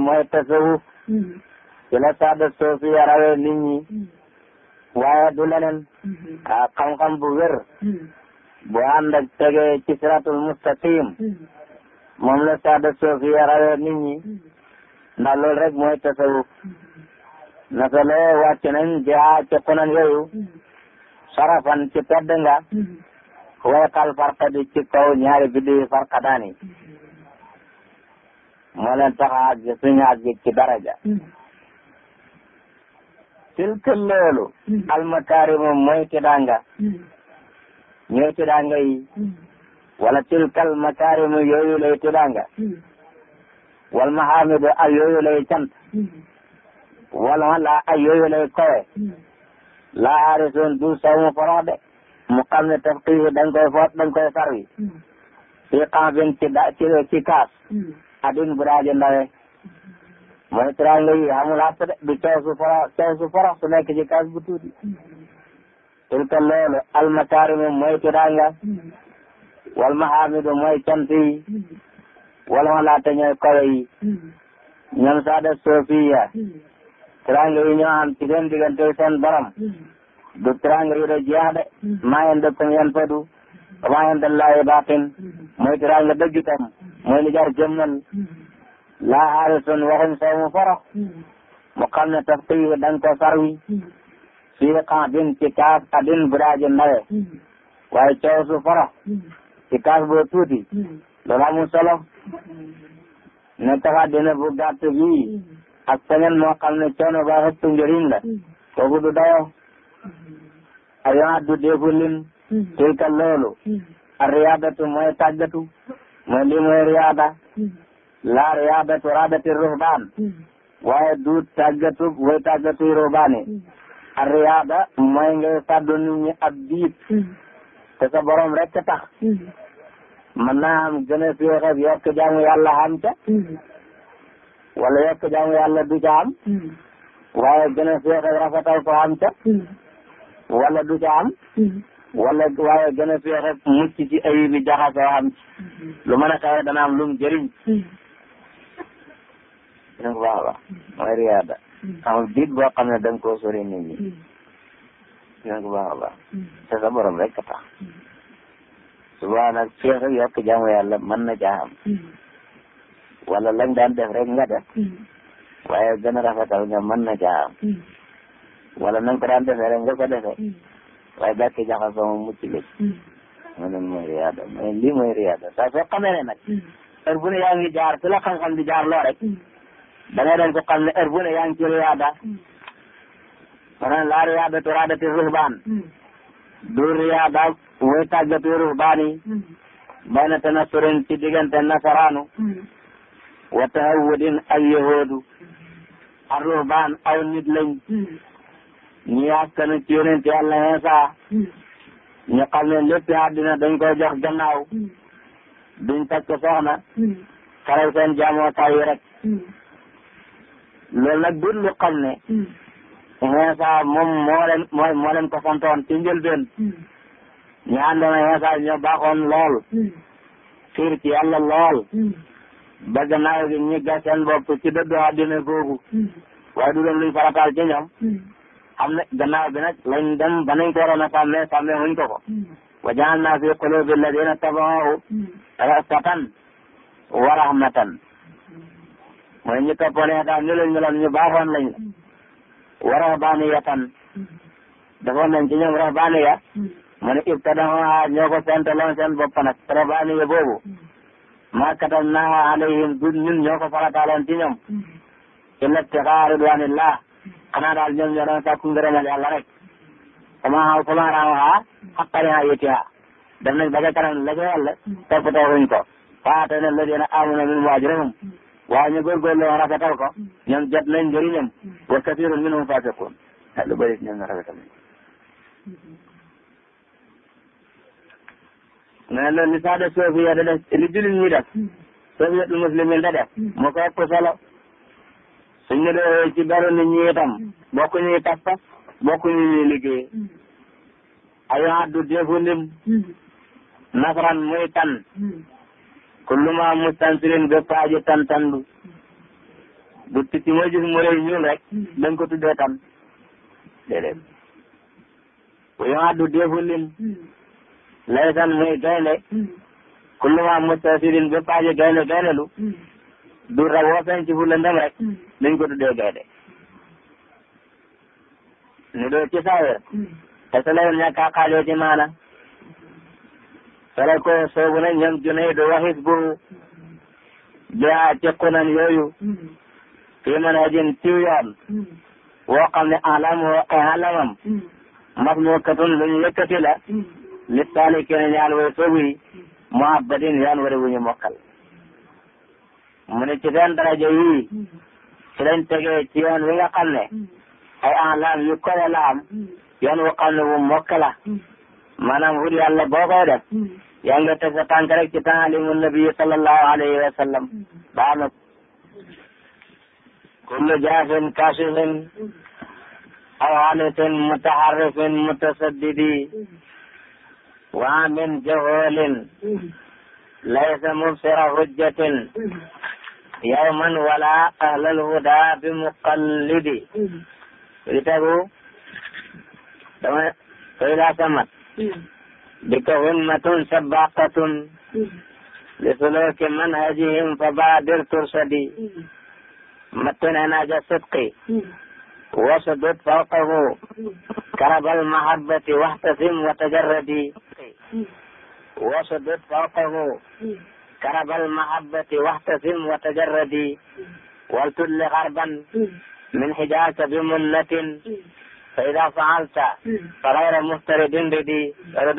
mooy tasawuf ci la saada soofiya rawee nit ñi waaye du leneen a xam-xam bu wér bu ànd ak tegee ci siratul mustaqim moom la saada soofiya rawee nit ñi ndax loolu naka la wàcc nañ bihaa ca konan yooyu mm-hmm. sarafan ci tedd nga mm-hmm. wayqal farqadi ci kaw ñaari biddiw farqadaan yi mm-hmm. moo leen tax a àgg suñu àgg ci daraja tilka loolu almakarimu mooy tedanga ñooy tedanga yi wala tilka almakarimu yooyu lay tedanga wal mahamidu ak yooyu lay cant wala laa ay yooyu lay hmm. laa aarisoon du saw mu forox de mu xam ne taf xiifi foot dañ koy sarwi hmm. fii xambin ci da ci kaas hmm. adin bu daaji ndawe mooy teraanga yi amul àpp de du coow su forox coow su forox nekk ci kaas bu tuuti tilka loolu almakaarimu mooy teraanga wal mahaamidu mooy cant yi wala wala te ñooy kowe yi ñoom saada teraanga yi ñoo am ci seen diggante seen borom mm. du teraanga yi doon de mm. maa indakum yanfadu wa maa inda Allaahi baaqin mm. mooy teraanga dëgg itam mooy li jar jëmmal laa aarisun waxuñ soo mu forox mu xam ne taf xiyu danga ko sarwi fii xaadin ci kaas adin bu daaji ndawe waaye coow su ci kaas boo tuuti loolu amul solo ne tafa dina bu gàtt bii ak pañal moo xam ne coono ba xëpp njëriñ la mm-hmm. kooku du dayo mm-hmm. ayoat du deefu lim mm-hmm. tilka loolu a riyaadatu mooy tàggatu li mooy riyaada la riyaadatu raadati ruhbaan waaye du tàggatu way tàggatu ruhbaani a riyaada mooy ngay fàddu nit ñi ab diit te sa borom rek tax mën naa am gën a féex ak yokk jaamu yàlla xam ca wala yokk jaamu yàlla du ca hmm. waaye gën a féex ak ko am ca. Hmm. wala du ca hmm. wala waaye gën a féex ak ci ayib bi jaxasoo am ci. lu mën a xawee dana am lu mu jëriñ. dégg nga waaw waaw mooy riyaada. ne da nga koo sori nit ñi. dégg nga waaw sa borom rek a tax. subaa nag féex ak jaamu yàlla mën na caa wala lañ daan def rek nga def hmm. waaye gën a rafetal nga mën na caa am hmm. wala nañ ko daan defee rek nga ko defee hmm. waaye gàcce jaxasoo moom mucc lépp mu ne mooy riyaada mu ne lii mooy riyaada saa soo xamee ne nag heure bu ne yaa ngi jaar la xam di jaar loo rek da ngay doon ko xam ne heure bu ne yaa ngi ci riyaada maanaam laa riyaada tu raadati ruhbaan du na te na surin ci diggante nasaraanu wa tahawudin ak yahoodu arrobaan aw nit lañ ñu yàkkana ci yonent yàlla Iisaa ñu xam ne lépp àddina dañ ko jox gannaaw duñ takk soxna xaral seen jaamootaay yi rek loolu nag dut lu xam ne Iisaa moom moo leen moo ko santoon ci njëlbeen ñu àndoon Iisaa ñoo baaxoon lool xiir ci yàlla lool ba gannaaw gi ñu gas seen bopp ci dëddu àddina googu mm-hmm. waaye du doon luñ farataal ci ñoom xam mm-hmm. ne gannaaw bi nag lañ dem ba nañ ko waroon a sàmmee sàmmee wuñ ko ko mm-hmm. wa jaal naa fi qulubi alladina tabaahu wara wa rahmatan mooy ñu toppoon daal ñu leen meloon ñu baaxoon lañ la wa rahbaniyatan dafoon nañ ci ñoom rahbaniya mu ne ibtadaha ñoo ko sentaloon seen bopp nag rahbaniya boobu ma katabnaa alayhim du ñun ñoo ko farataaloon ci ñoom mm-hmm. illa ibtigaa ridwaanillah xanaa daal ñoom ñoo doon sàkku ngërëmal yàlla rek fama fama raawaha xaqqa ri'aayatiha def nañ ba na kanam la na yàlla mm-hmm. toppatoo wuñ ko fa atayna alladiina aamanu minhum ajrahum mm-hmm. waaye ñu góorgóorlu woon rafetal ko ñoom jot nañ njëriñam wa kasiirun minhum faasiquun lu bëri ñoom ñu rafetal mais loolu li saada soofiya da def li jullit ñi def soofiyatul muslimin da def moo ko ëpp solo suñ ne doyee ci dara nit ñi itam bokkuñuy pas-pas bokkuñu ñuy liggéey ayohaddu deefu ndim nasran muy tan kulluma mustansirin bépp aji tan tandu du picc mooy gis mu rëy ñuul rek dañ ko tuddee tan déedéet ayohaddu deefu ndim laysan muy gaynde hmm. kullu ma mustasirin bépp aje gaynde gayndalu hmm. du rab woo feeñ ci fu lëndëm rek hmm. nañ ko tuddee gaynde ñu doo ci saayir te sa layoon ñàkk a xaajoo ci maana sare ko soobu nañ ñoom junay waxis bu jaa ci kunan yooyu fii man ajin ciw yoon ne alam woo xeexalamam mas mu katun luñ yëkkati li saalikiina ñaan way soobu yi mu abadin yoon wari wu ñu ci seen daraja yii ci lañ tegee ci yoon wi nga xam ne ay enlam yu kone la wu xam ne wu mokk la maanaam wut yàlla boo koy def yaa ci taalimu nabi sallallahu alayhi wa sallam baana kullu jaafin kaasifin aw anitin mutaharrifin mutasaddidi waa min jahoolin laysa mubsira hujjatin yawman wala ahlal huda bi muqallidi li tegu dama koy laa samat bi ka himmatun sabaqatun li suluki manhajihim fa baadir tursadi mattun anaaja sidqi wasudut fawqahu karabal mahabbati waxtasim wa tajarradi وصدت فوقه كرب المحبة واحتسم وتجردي ولتل غربا من حجاك بملة فإذا فعلت فغير مفترد بدي loolu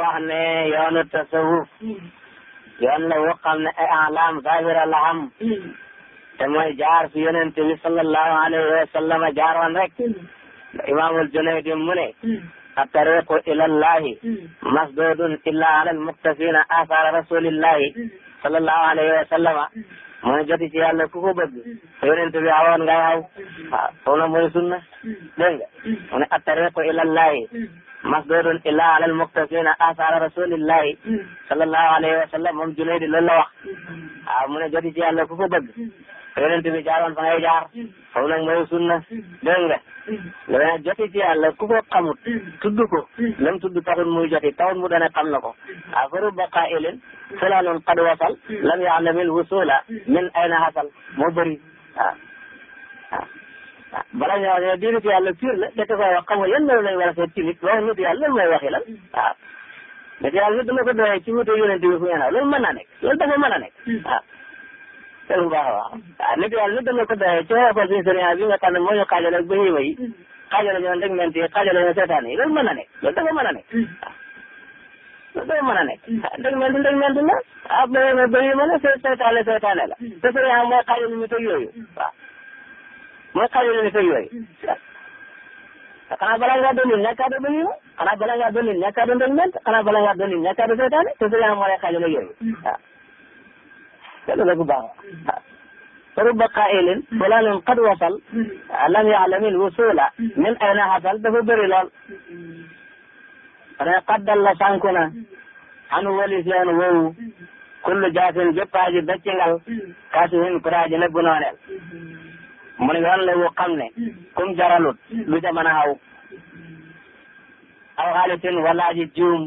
day na dafa wax ne yoonu tasawuf yoon la woo xam ne ay alaam zaahira la am te mooy jaar fi yonent bi sallallahu alayhi wa sallam jaaroon rek imaamul Junayd mu ne hmm. attariqu ila llahi hmm. masdudun illa ala almuqtasina athara rasulillahi hmm. sallallahu alayhi wa sallama mooy joti ci yàlla ku ko bëgg yonent bi awoon nga waaw waaw soxna mooy sunna dégg nga mu ne attariqu ila llahi masdudun illa ala almuqtasina athara rasulillahi sallallahu alayhi wa sallam moom Junayd loolu la wax waaw mu ne joti ci yàlla ku ko bëgg yonent bi jaaroon fa ngay jaar foofu nag mooy sunna dégg nga danaa joti ci yàlla ku ko xamut tudd ko lam tudd taxul muy joti taxul mu dana xam na ko afaru baqa ilin fulaanun qad wasal lam yaalamil wusula min ayna hasal moo bëri waaw waaw waaw a a ne diinu ci yàlla pur la te ko wax xam nga yan melo a seet ci nit wax nit yàlla loolu mooy waxi lan waaw nit yàlla ko doyee ci a waaw waaw nit yàlla nit dana ko doyee ci xool ko suñu sëriñ bi nga xam ne moo ñu xaajale ak bëyima mm-hmm. yi xaajale ñoo ndeg ment yi xaajale ñoo seetaan yi loolu mën na nekk loolu dafa mën a nekk mm-hmm. ah, loolu dafa mën a nekk ndeg ment ndeg ment la ah bëyima bëyima la seetaane seetaane la mm-hmm. te sëriñ mooy xaajale nit ak yooyu waaw mooy xaajale nit ak ah. ah, yooyu xanaa balaa ngaa doon nit ñàkkaado bëyima xanaa balaa ngaa doon nit ñàkkaado ndeg ment xanaa balaa ngaa doon nit ñàkkaado seetaane te sëriñ moo lay xaajale yooyu loolu la bu baax rubba qaa'ilin fulaanun qad wasal lam ya'lamil wusula min ayna hasal dafa bëri lool ne qad dalla sànku na xanu walis yoon woowu kullu jaasin jëppaaji beccingal kaasihin kuraaji nëbbu nooneel mu ne yoon la wu xam ne kum jaralut lu ca mën a aw aw xaalitin walaaji juum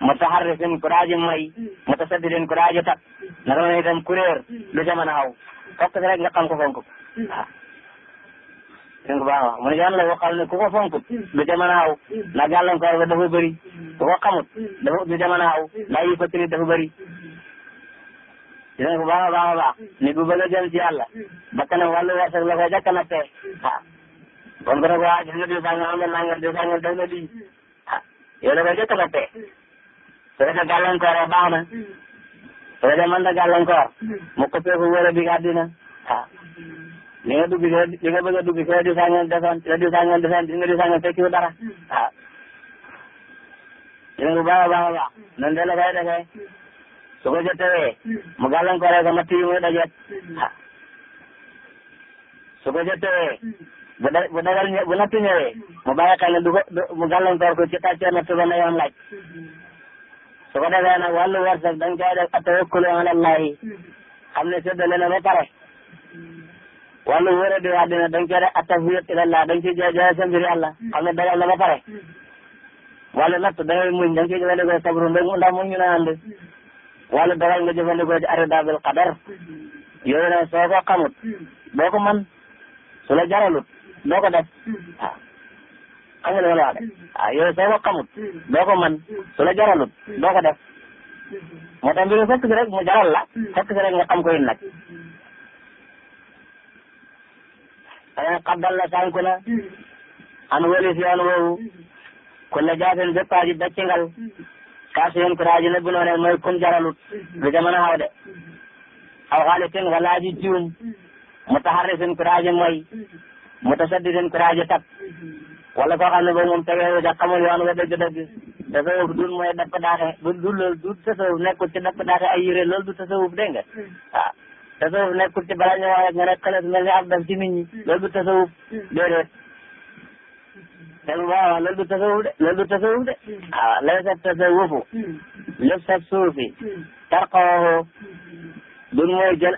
mutaharrisin ku daaji may mm. mutasaddidin ku daaji tat mm. na doon itam kuréer mm. lu ca mën a xaw fokk rek nga xam ko fonk waaw ah. dégg nga baax mu ne yàlla waxal ko fonkut ba dafa bëri ko xamut dafa lu ca mën a xaw ndax yi fëkk nit dafa bëri nga baax a baax a baax nit bu bëgg a jëm ci yàlla bakkanam wàllu wërsëg la ah. ko nag ah, nga diw sàngam am na nangam diw sàngam su fekkee gàllankoor baax na su mm. fekkee mën na gàllankoor mm. mu coppeeku wóor a dig àddina ah mm. li nga dugg li nga bëgg a dugg soo di sàngal defoon soo di sàngal defoon di nga di sàngal fekkiwu dara ah dina bu baax a baax a baax noonu de la koy defee su ko jotee mu gàllankooree ko matt yi muy dajet ah su ko jotee bu da bu dagal bu natt ñëwee mu bàyyi xel ne du ko mu gàllankoor ko ci tàccee natt ba na yoon laaj. Mm-hmm. su ko defee nag wàllu wërsëg dañ koy def atawakkulu alallahi xam ne séddale na ba pare wàllu wërëb yi àddina dañ koy def atafwid ilallah dañ ciy jaay sa mbir yàlla xam ne dogal na ba pare wàllu natt dangay muñ dañ ciy jëfandikoo sabru ndax muñ ñu la ànd wàllu dogal nga jëfandikoo ci arida bil qadar yooyu nag soo ko xamut doo ko man su la jaralut doo ko def waaw xam nga li ma la wax de ah yooyu soo ko xamut doo ko man su la jaralut doo ko def moo tax mbir rek mu la fekk si rek nga xam ko it nag xanaa xabdal la sànku la an wëlis yoon woowu ku la jaasen bépp aji baccingal kaasi yoon ku raaji nëbbu noone mooy kun jaralut du jamono de aw xaali tin walaaji juum mu taxarri seen ku raaji mooy wala koo xam ne boobu moom tegee da xamul yoon nga dëgg-dëgg tasawuf dun mooy dapp daate du du loolu du tasawuf nekkul ci dapp daate ay yére loolu du tasawuf dégg nga waaw hmm. ah, tasawuf nekkul ci bala ñu ne xëles mel ni ab daf ci nit ñi loolu du tasawuf hmm. déedéet dégg nga waaw loolu du tasawuf de loolu du tasawuf de waaw hmm. ah, lay sa tasawufu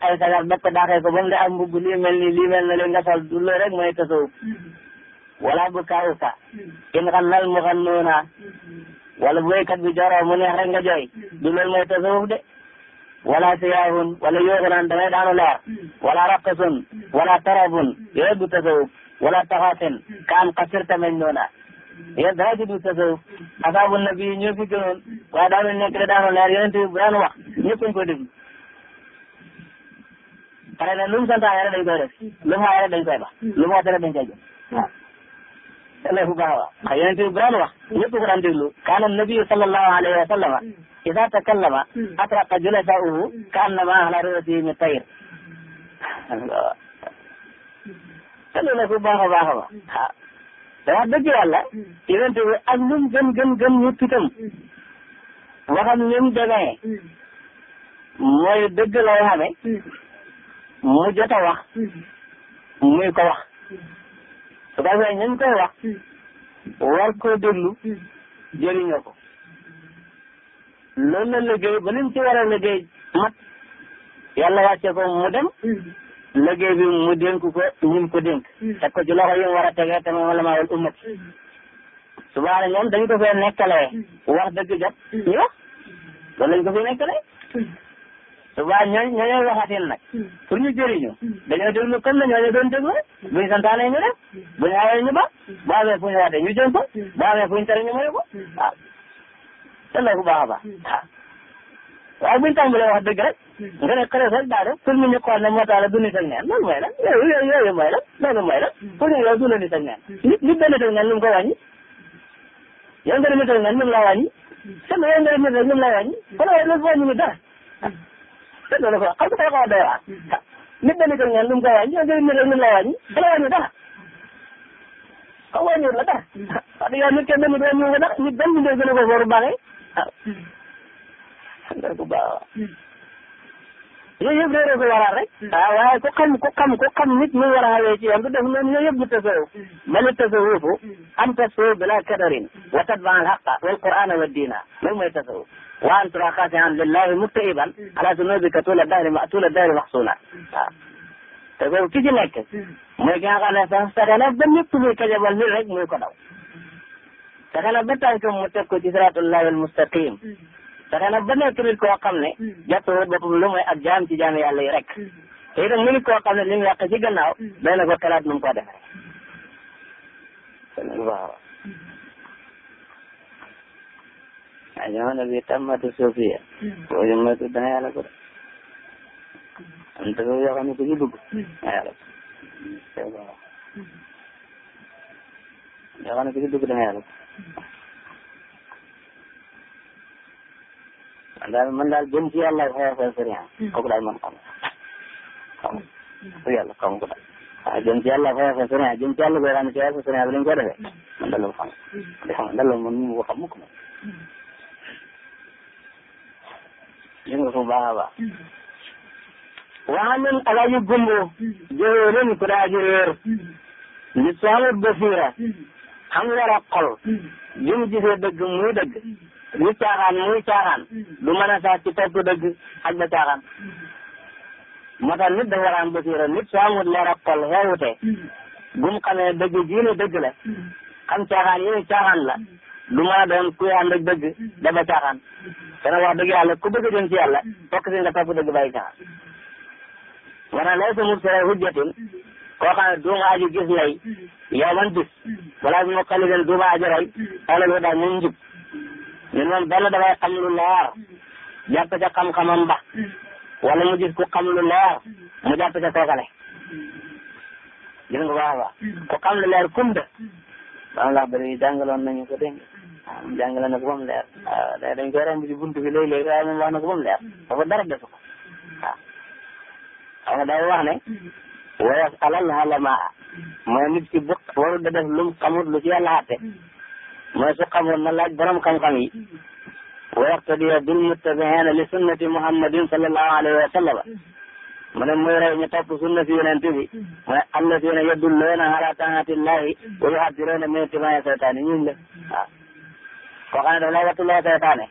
ay sagar dapp daate ko ba mu de am mbugg mel nii lii mel na li nga sol du loolu rek mooy tasawuf wala bu kawuka in xallal mu xalluuna wala bu waykat bi joroo mu neex rek nga jooy du loolu mooy tasawuf de wala siyaahun wala yoogu naan damay daanu leer wala raqasun wala tarabun yooyu du tasawuf wala taxaatin kaan kasirta meñ noona yooyu dara ci du tasawuf asaabu nabi ñoo fi gënoon waaye daanu nekk de daanu leer yonent bi bu daan wax ñëpp dañ koy déglu pare na lu mu santaane rek dañ koy def lu mu xaare rek dañ koy ba lu mu wax rek dañ koy jël salafu baax wax ndax yonente bi bu daan wax ñëpp ko daan déglu kaana nabiyu sallallahu alayhi wa sallama ida takallama atraqa julasaahu kaannama ala ruusihi min tayr te loolu ku baax a baax a baax waaw dama dëgg yàlla yonente bi ak lu mu gën gën gën ñu tutam waxam ni mu demee mooy dëgg lay xame mu jot a wax muy ko wax su ko defee ñu ko koy wax hmm. war koo déglu hmm. jëriñoo ko loolu la liggéey ba lim ci war a liggéey mat yàlla wàcce ko mu dem hmm. liggéey bi mu dénk ko ñun ko dénk teg ko ci loxo yi mu war a tegee te moom la maa wal ummat subaana ñoom wax dëgg jot ñu wax loolu lañ ko fee su boobaa ñooñu ñooñu waxaatil nag hmm. pour ñu jëriñu hmm. dañoo déglu comme la ñooñu doon déglu hmm. buñ santaane ñu def buñ aayee ñu ba bu amee fuñ waatee ñu jëm ko bu amee fuñ tere ñu mooy ko waaw te loolu baax a baax waaw. waaye buñ tàmbalee wax dëgg rek nga ne xëy na daa def pour ñu ñu xool ne moo tax la du nit ak neen loolu mooy lan yooyu yooyu yooyu mooy lan loolu mooy lan pour ñu yow du la nit ak neen nit nit benn nit ak neen lu mu ko wàññi yow nga nit ak neen lu mu la wàññi sama yow nga nit ak neen lu mu la wàññi kon waaye loolu wàññi dara te loolu ko xam nga dafa xaw a doy waar. nit da nitul ngeen lu mu koy wàññi yow nit lu mu lay wàññi da la wàññi dara. xaw ma wàññiwul la dara. wax dëgg yow nit kenn demul wàññiwul ko dara nit benn nit gën a ko góor baaxee waaw. loolu bu baax a baax. yooyu yëpp réeré ko waral rek. waaw ah, waaye ku xam ku xam ku xam nit mu war a xawee ci yoon du def noonu yooyu yëpp mu tasawuf. man it tasawufu am tasawuf bila kadarin wa tatbaa al haqa wal qur'ana wa diina loolu mooy tasawuf wa an tura xaasihan lillahi muttaiban ala sunubika tuula dahri tuula dahri maxsuula waaw te kooku ki ci nekk mooy ki nga xam ne sax fexe na ba lépp luy kajabal nit rek muy ko daw fexe na ba tànkam mu teg ko ci siratullahi almustaqim fexe na ba nekk nit koo xam ne jàppewut boppam lu mooy ak jaam ci jaam yàlla yi rek te itam nit koo xam ne li mu yàq ci gannaaw day na ko xalaat nu mu a jamono bi tammatu sofiya boobu mooy tudd na yàlla ko de am dëgg yoo xam ne ku ci dugg na yàlla ko yoo xam ne ku ci dugg dana yàlla ko man daal man daal jëm ci yàlla xoofa sëriñ kooku daal man xam xam ku yàlla xam ko daal waaw jëm ci yàlla xoofa sëriñ jëm ci yàlla boo xam ne ci yàlla sëriñ bi lañ ko defee man daal loolu xam xam daal loolu man mu xam mukk moom gis nga ko bu baax a baax. waxaana alaaji gumbo. jëlee leen ku daa ji réer. li soxla basira. xam nga la xol. li mu gisee dëgg muy dëgg. li caaxaan muy caaxaan. du mën a sax ci topp dëgg ak ba caaxaan. moo tax nit dafa war a am basira nit soo amul leer ak xol xewute. bu mu xamee dëgg jii ne dëgg la. xam caaxaan yi ne la. du doon kuy ànd ak dëgg da ba caaxaan. dana wax dëgg yàlla ku bëgg a jëm ci yàlla mm-hmm. fokk si nga topp dëgg bàyyi caaxaan maanaam lay sa mub sere hujjatin koo gis lay mm-hmm. man bis mm-hmm. wala bi ma xali den duuma aju roy xalal wu daal moom njub ñun moom benn dafay xam lu leer jàpp ca xam ba wala mu gis ku xam lu leer mu jàpp ca kookale gis nga baax a baax ku xam lu leer kum de maanaam la bëri jàngaloon nañu ko dégg waaw ah, jàngale na ko ba mu leer waaw ah, dañ koy romb ci buntu bi léeg-léeg waaye moom wax na ko ba mu leer ba mm-hmm. dara defu ko waaw. Ah. xam nga daal wax ne. wayas alal xalamaa mooy nit ki bu warul da def lu xamut lu ci yàlla xatte mm-hmm. mooy su xamoon na laaj borom xam-xam yi. Mm-hmm. wa yaqtadiya bil muttabiina li sunnati muhammadin sallallahu alayhi wa sallam mu ne muy rey ñu topp sunna si yonent bi mooy allaziina yadulluuna alaa taa'atillahi wa yuhaddiruuna min ittibaa'i saytaani ñun la waaw. koo xam ne daf lay wattuloo seytaane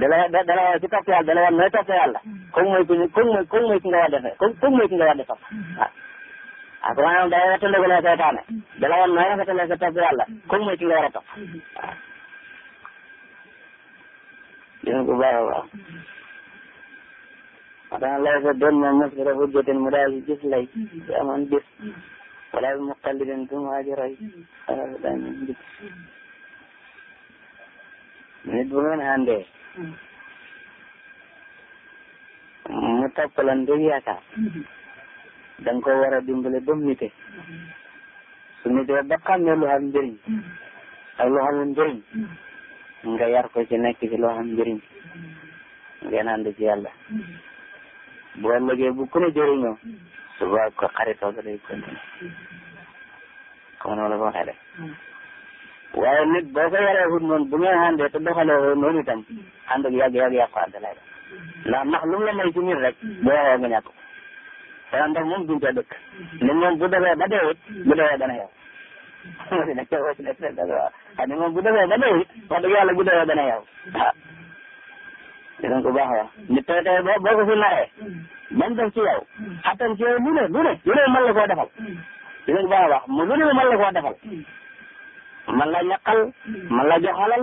dala dala woo ci topp yàlla dala woon nooy toppee yàlla kooku mooy ku ñu kooku mooy kooku mooy ki nga war di defee kooku mooy ki nga war di topp waaw waaw ko maanaam dala wattuloo seytaane dala woon nooy rafetalee sa topp yàlla kooku mooy ki nga war a topp waaw dina ko baax a baax waxtana lay sa doon moom mos bi refu jotin mu daal di gis lay amoon gis wala bi muqallidin du mu waaji roy nit bu ngeen àndee mu toppala ngir yaakaar da nga ko war a dimbale ba mu nite su nitee ba xam ne lu nga yar ko ci nekk ci loo xam njëriñ ngeen ànd ci yàlla bu ëllëgee bu ku ne jëriñoo su baa ko xaritoo ga ko waxee waaye nit boo ko yoree wut noonu bu ngeen àndee te doxalee noonu itam ànd ak yàgg yàgg yàqu ànd lay ndax ndax lu la may ci nit rek boo waxee nga ñàkk ko te ndax moom duñ ca dëkk. nit moom bu defee ba deewit bu defee dana yow. moo ci nekk moo ci nekk seen dëkk waaw xam ne moom bu defee ba deewit wax dëgg yàlla bu defee dana yow waaw. ko baax a wax nit tey tey ko fi naree bañ def ci yow attan ci yow lu ne lu ne lu ne mën la koo defal dinañ a mu lu ne mën la koo man la ñaqal man la jox alal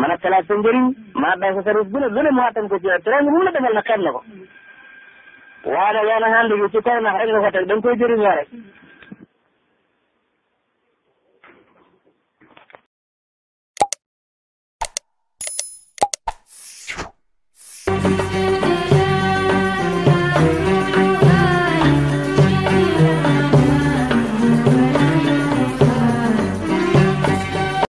man a talaat sa njëriñ man a bay sa service bu ne lu ne ko ci yow teranga mu na xeeb na ko waaye nag yow nag ànd gi ci kaw nax rek nga ko teg da nga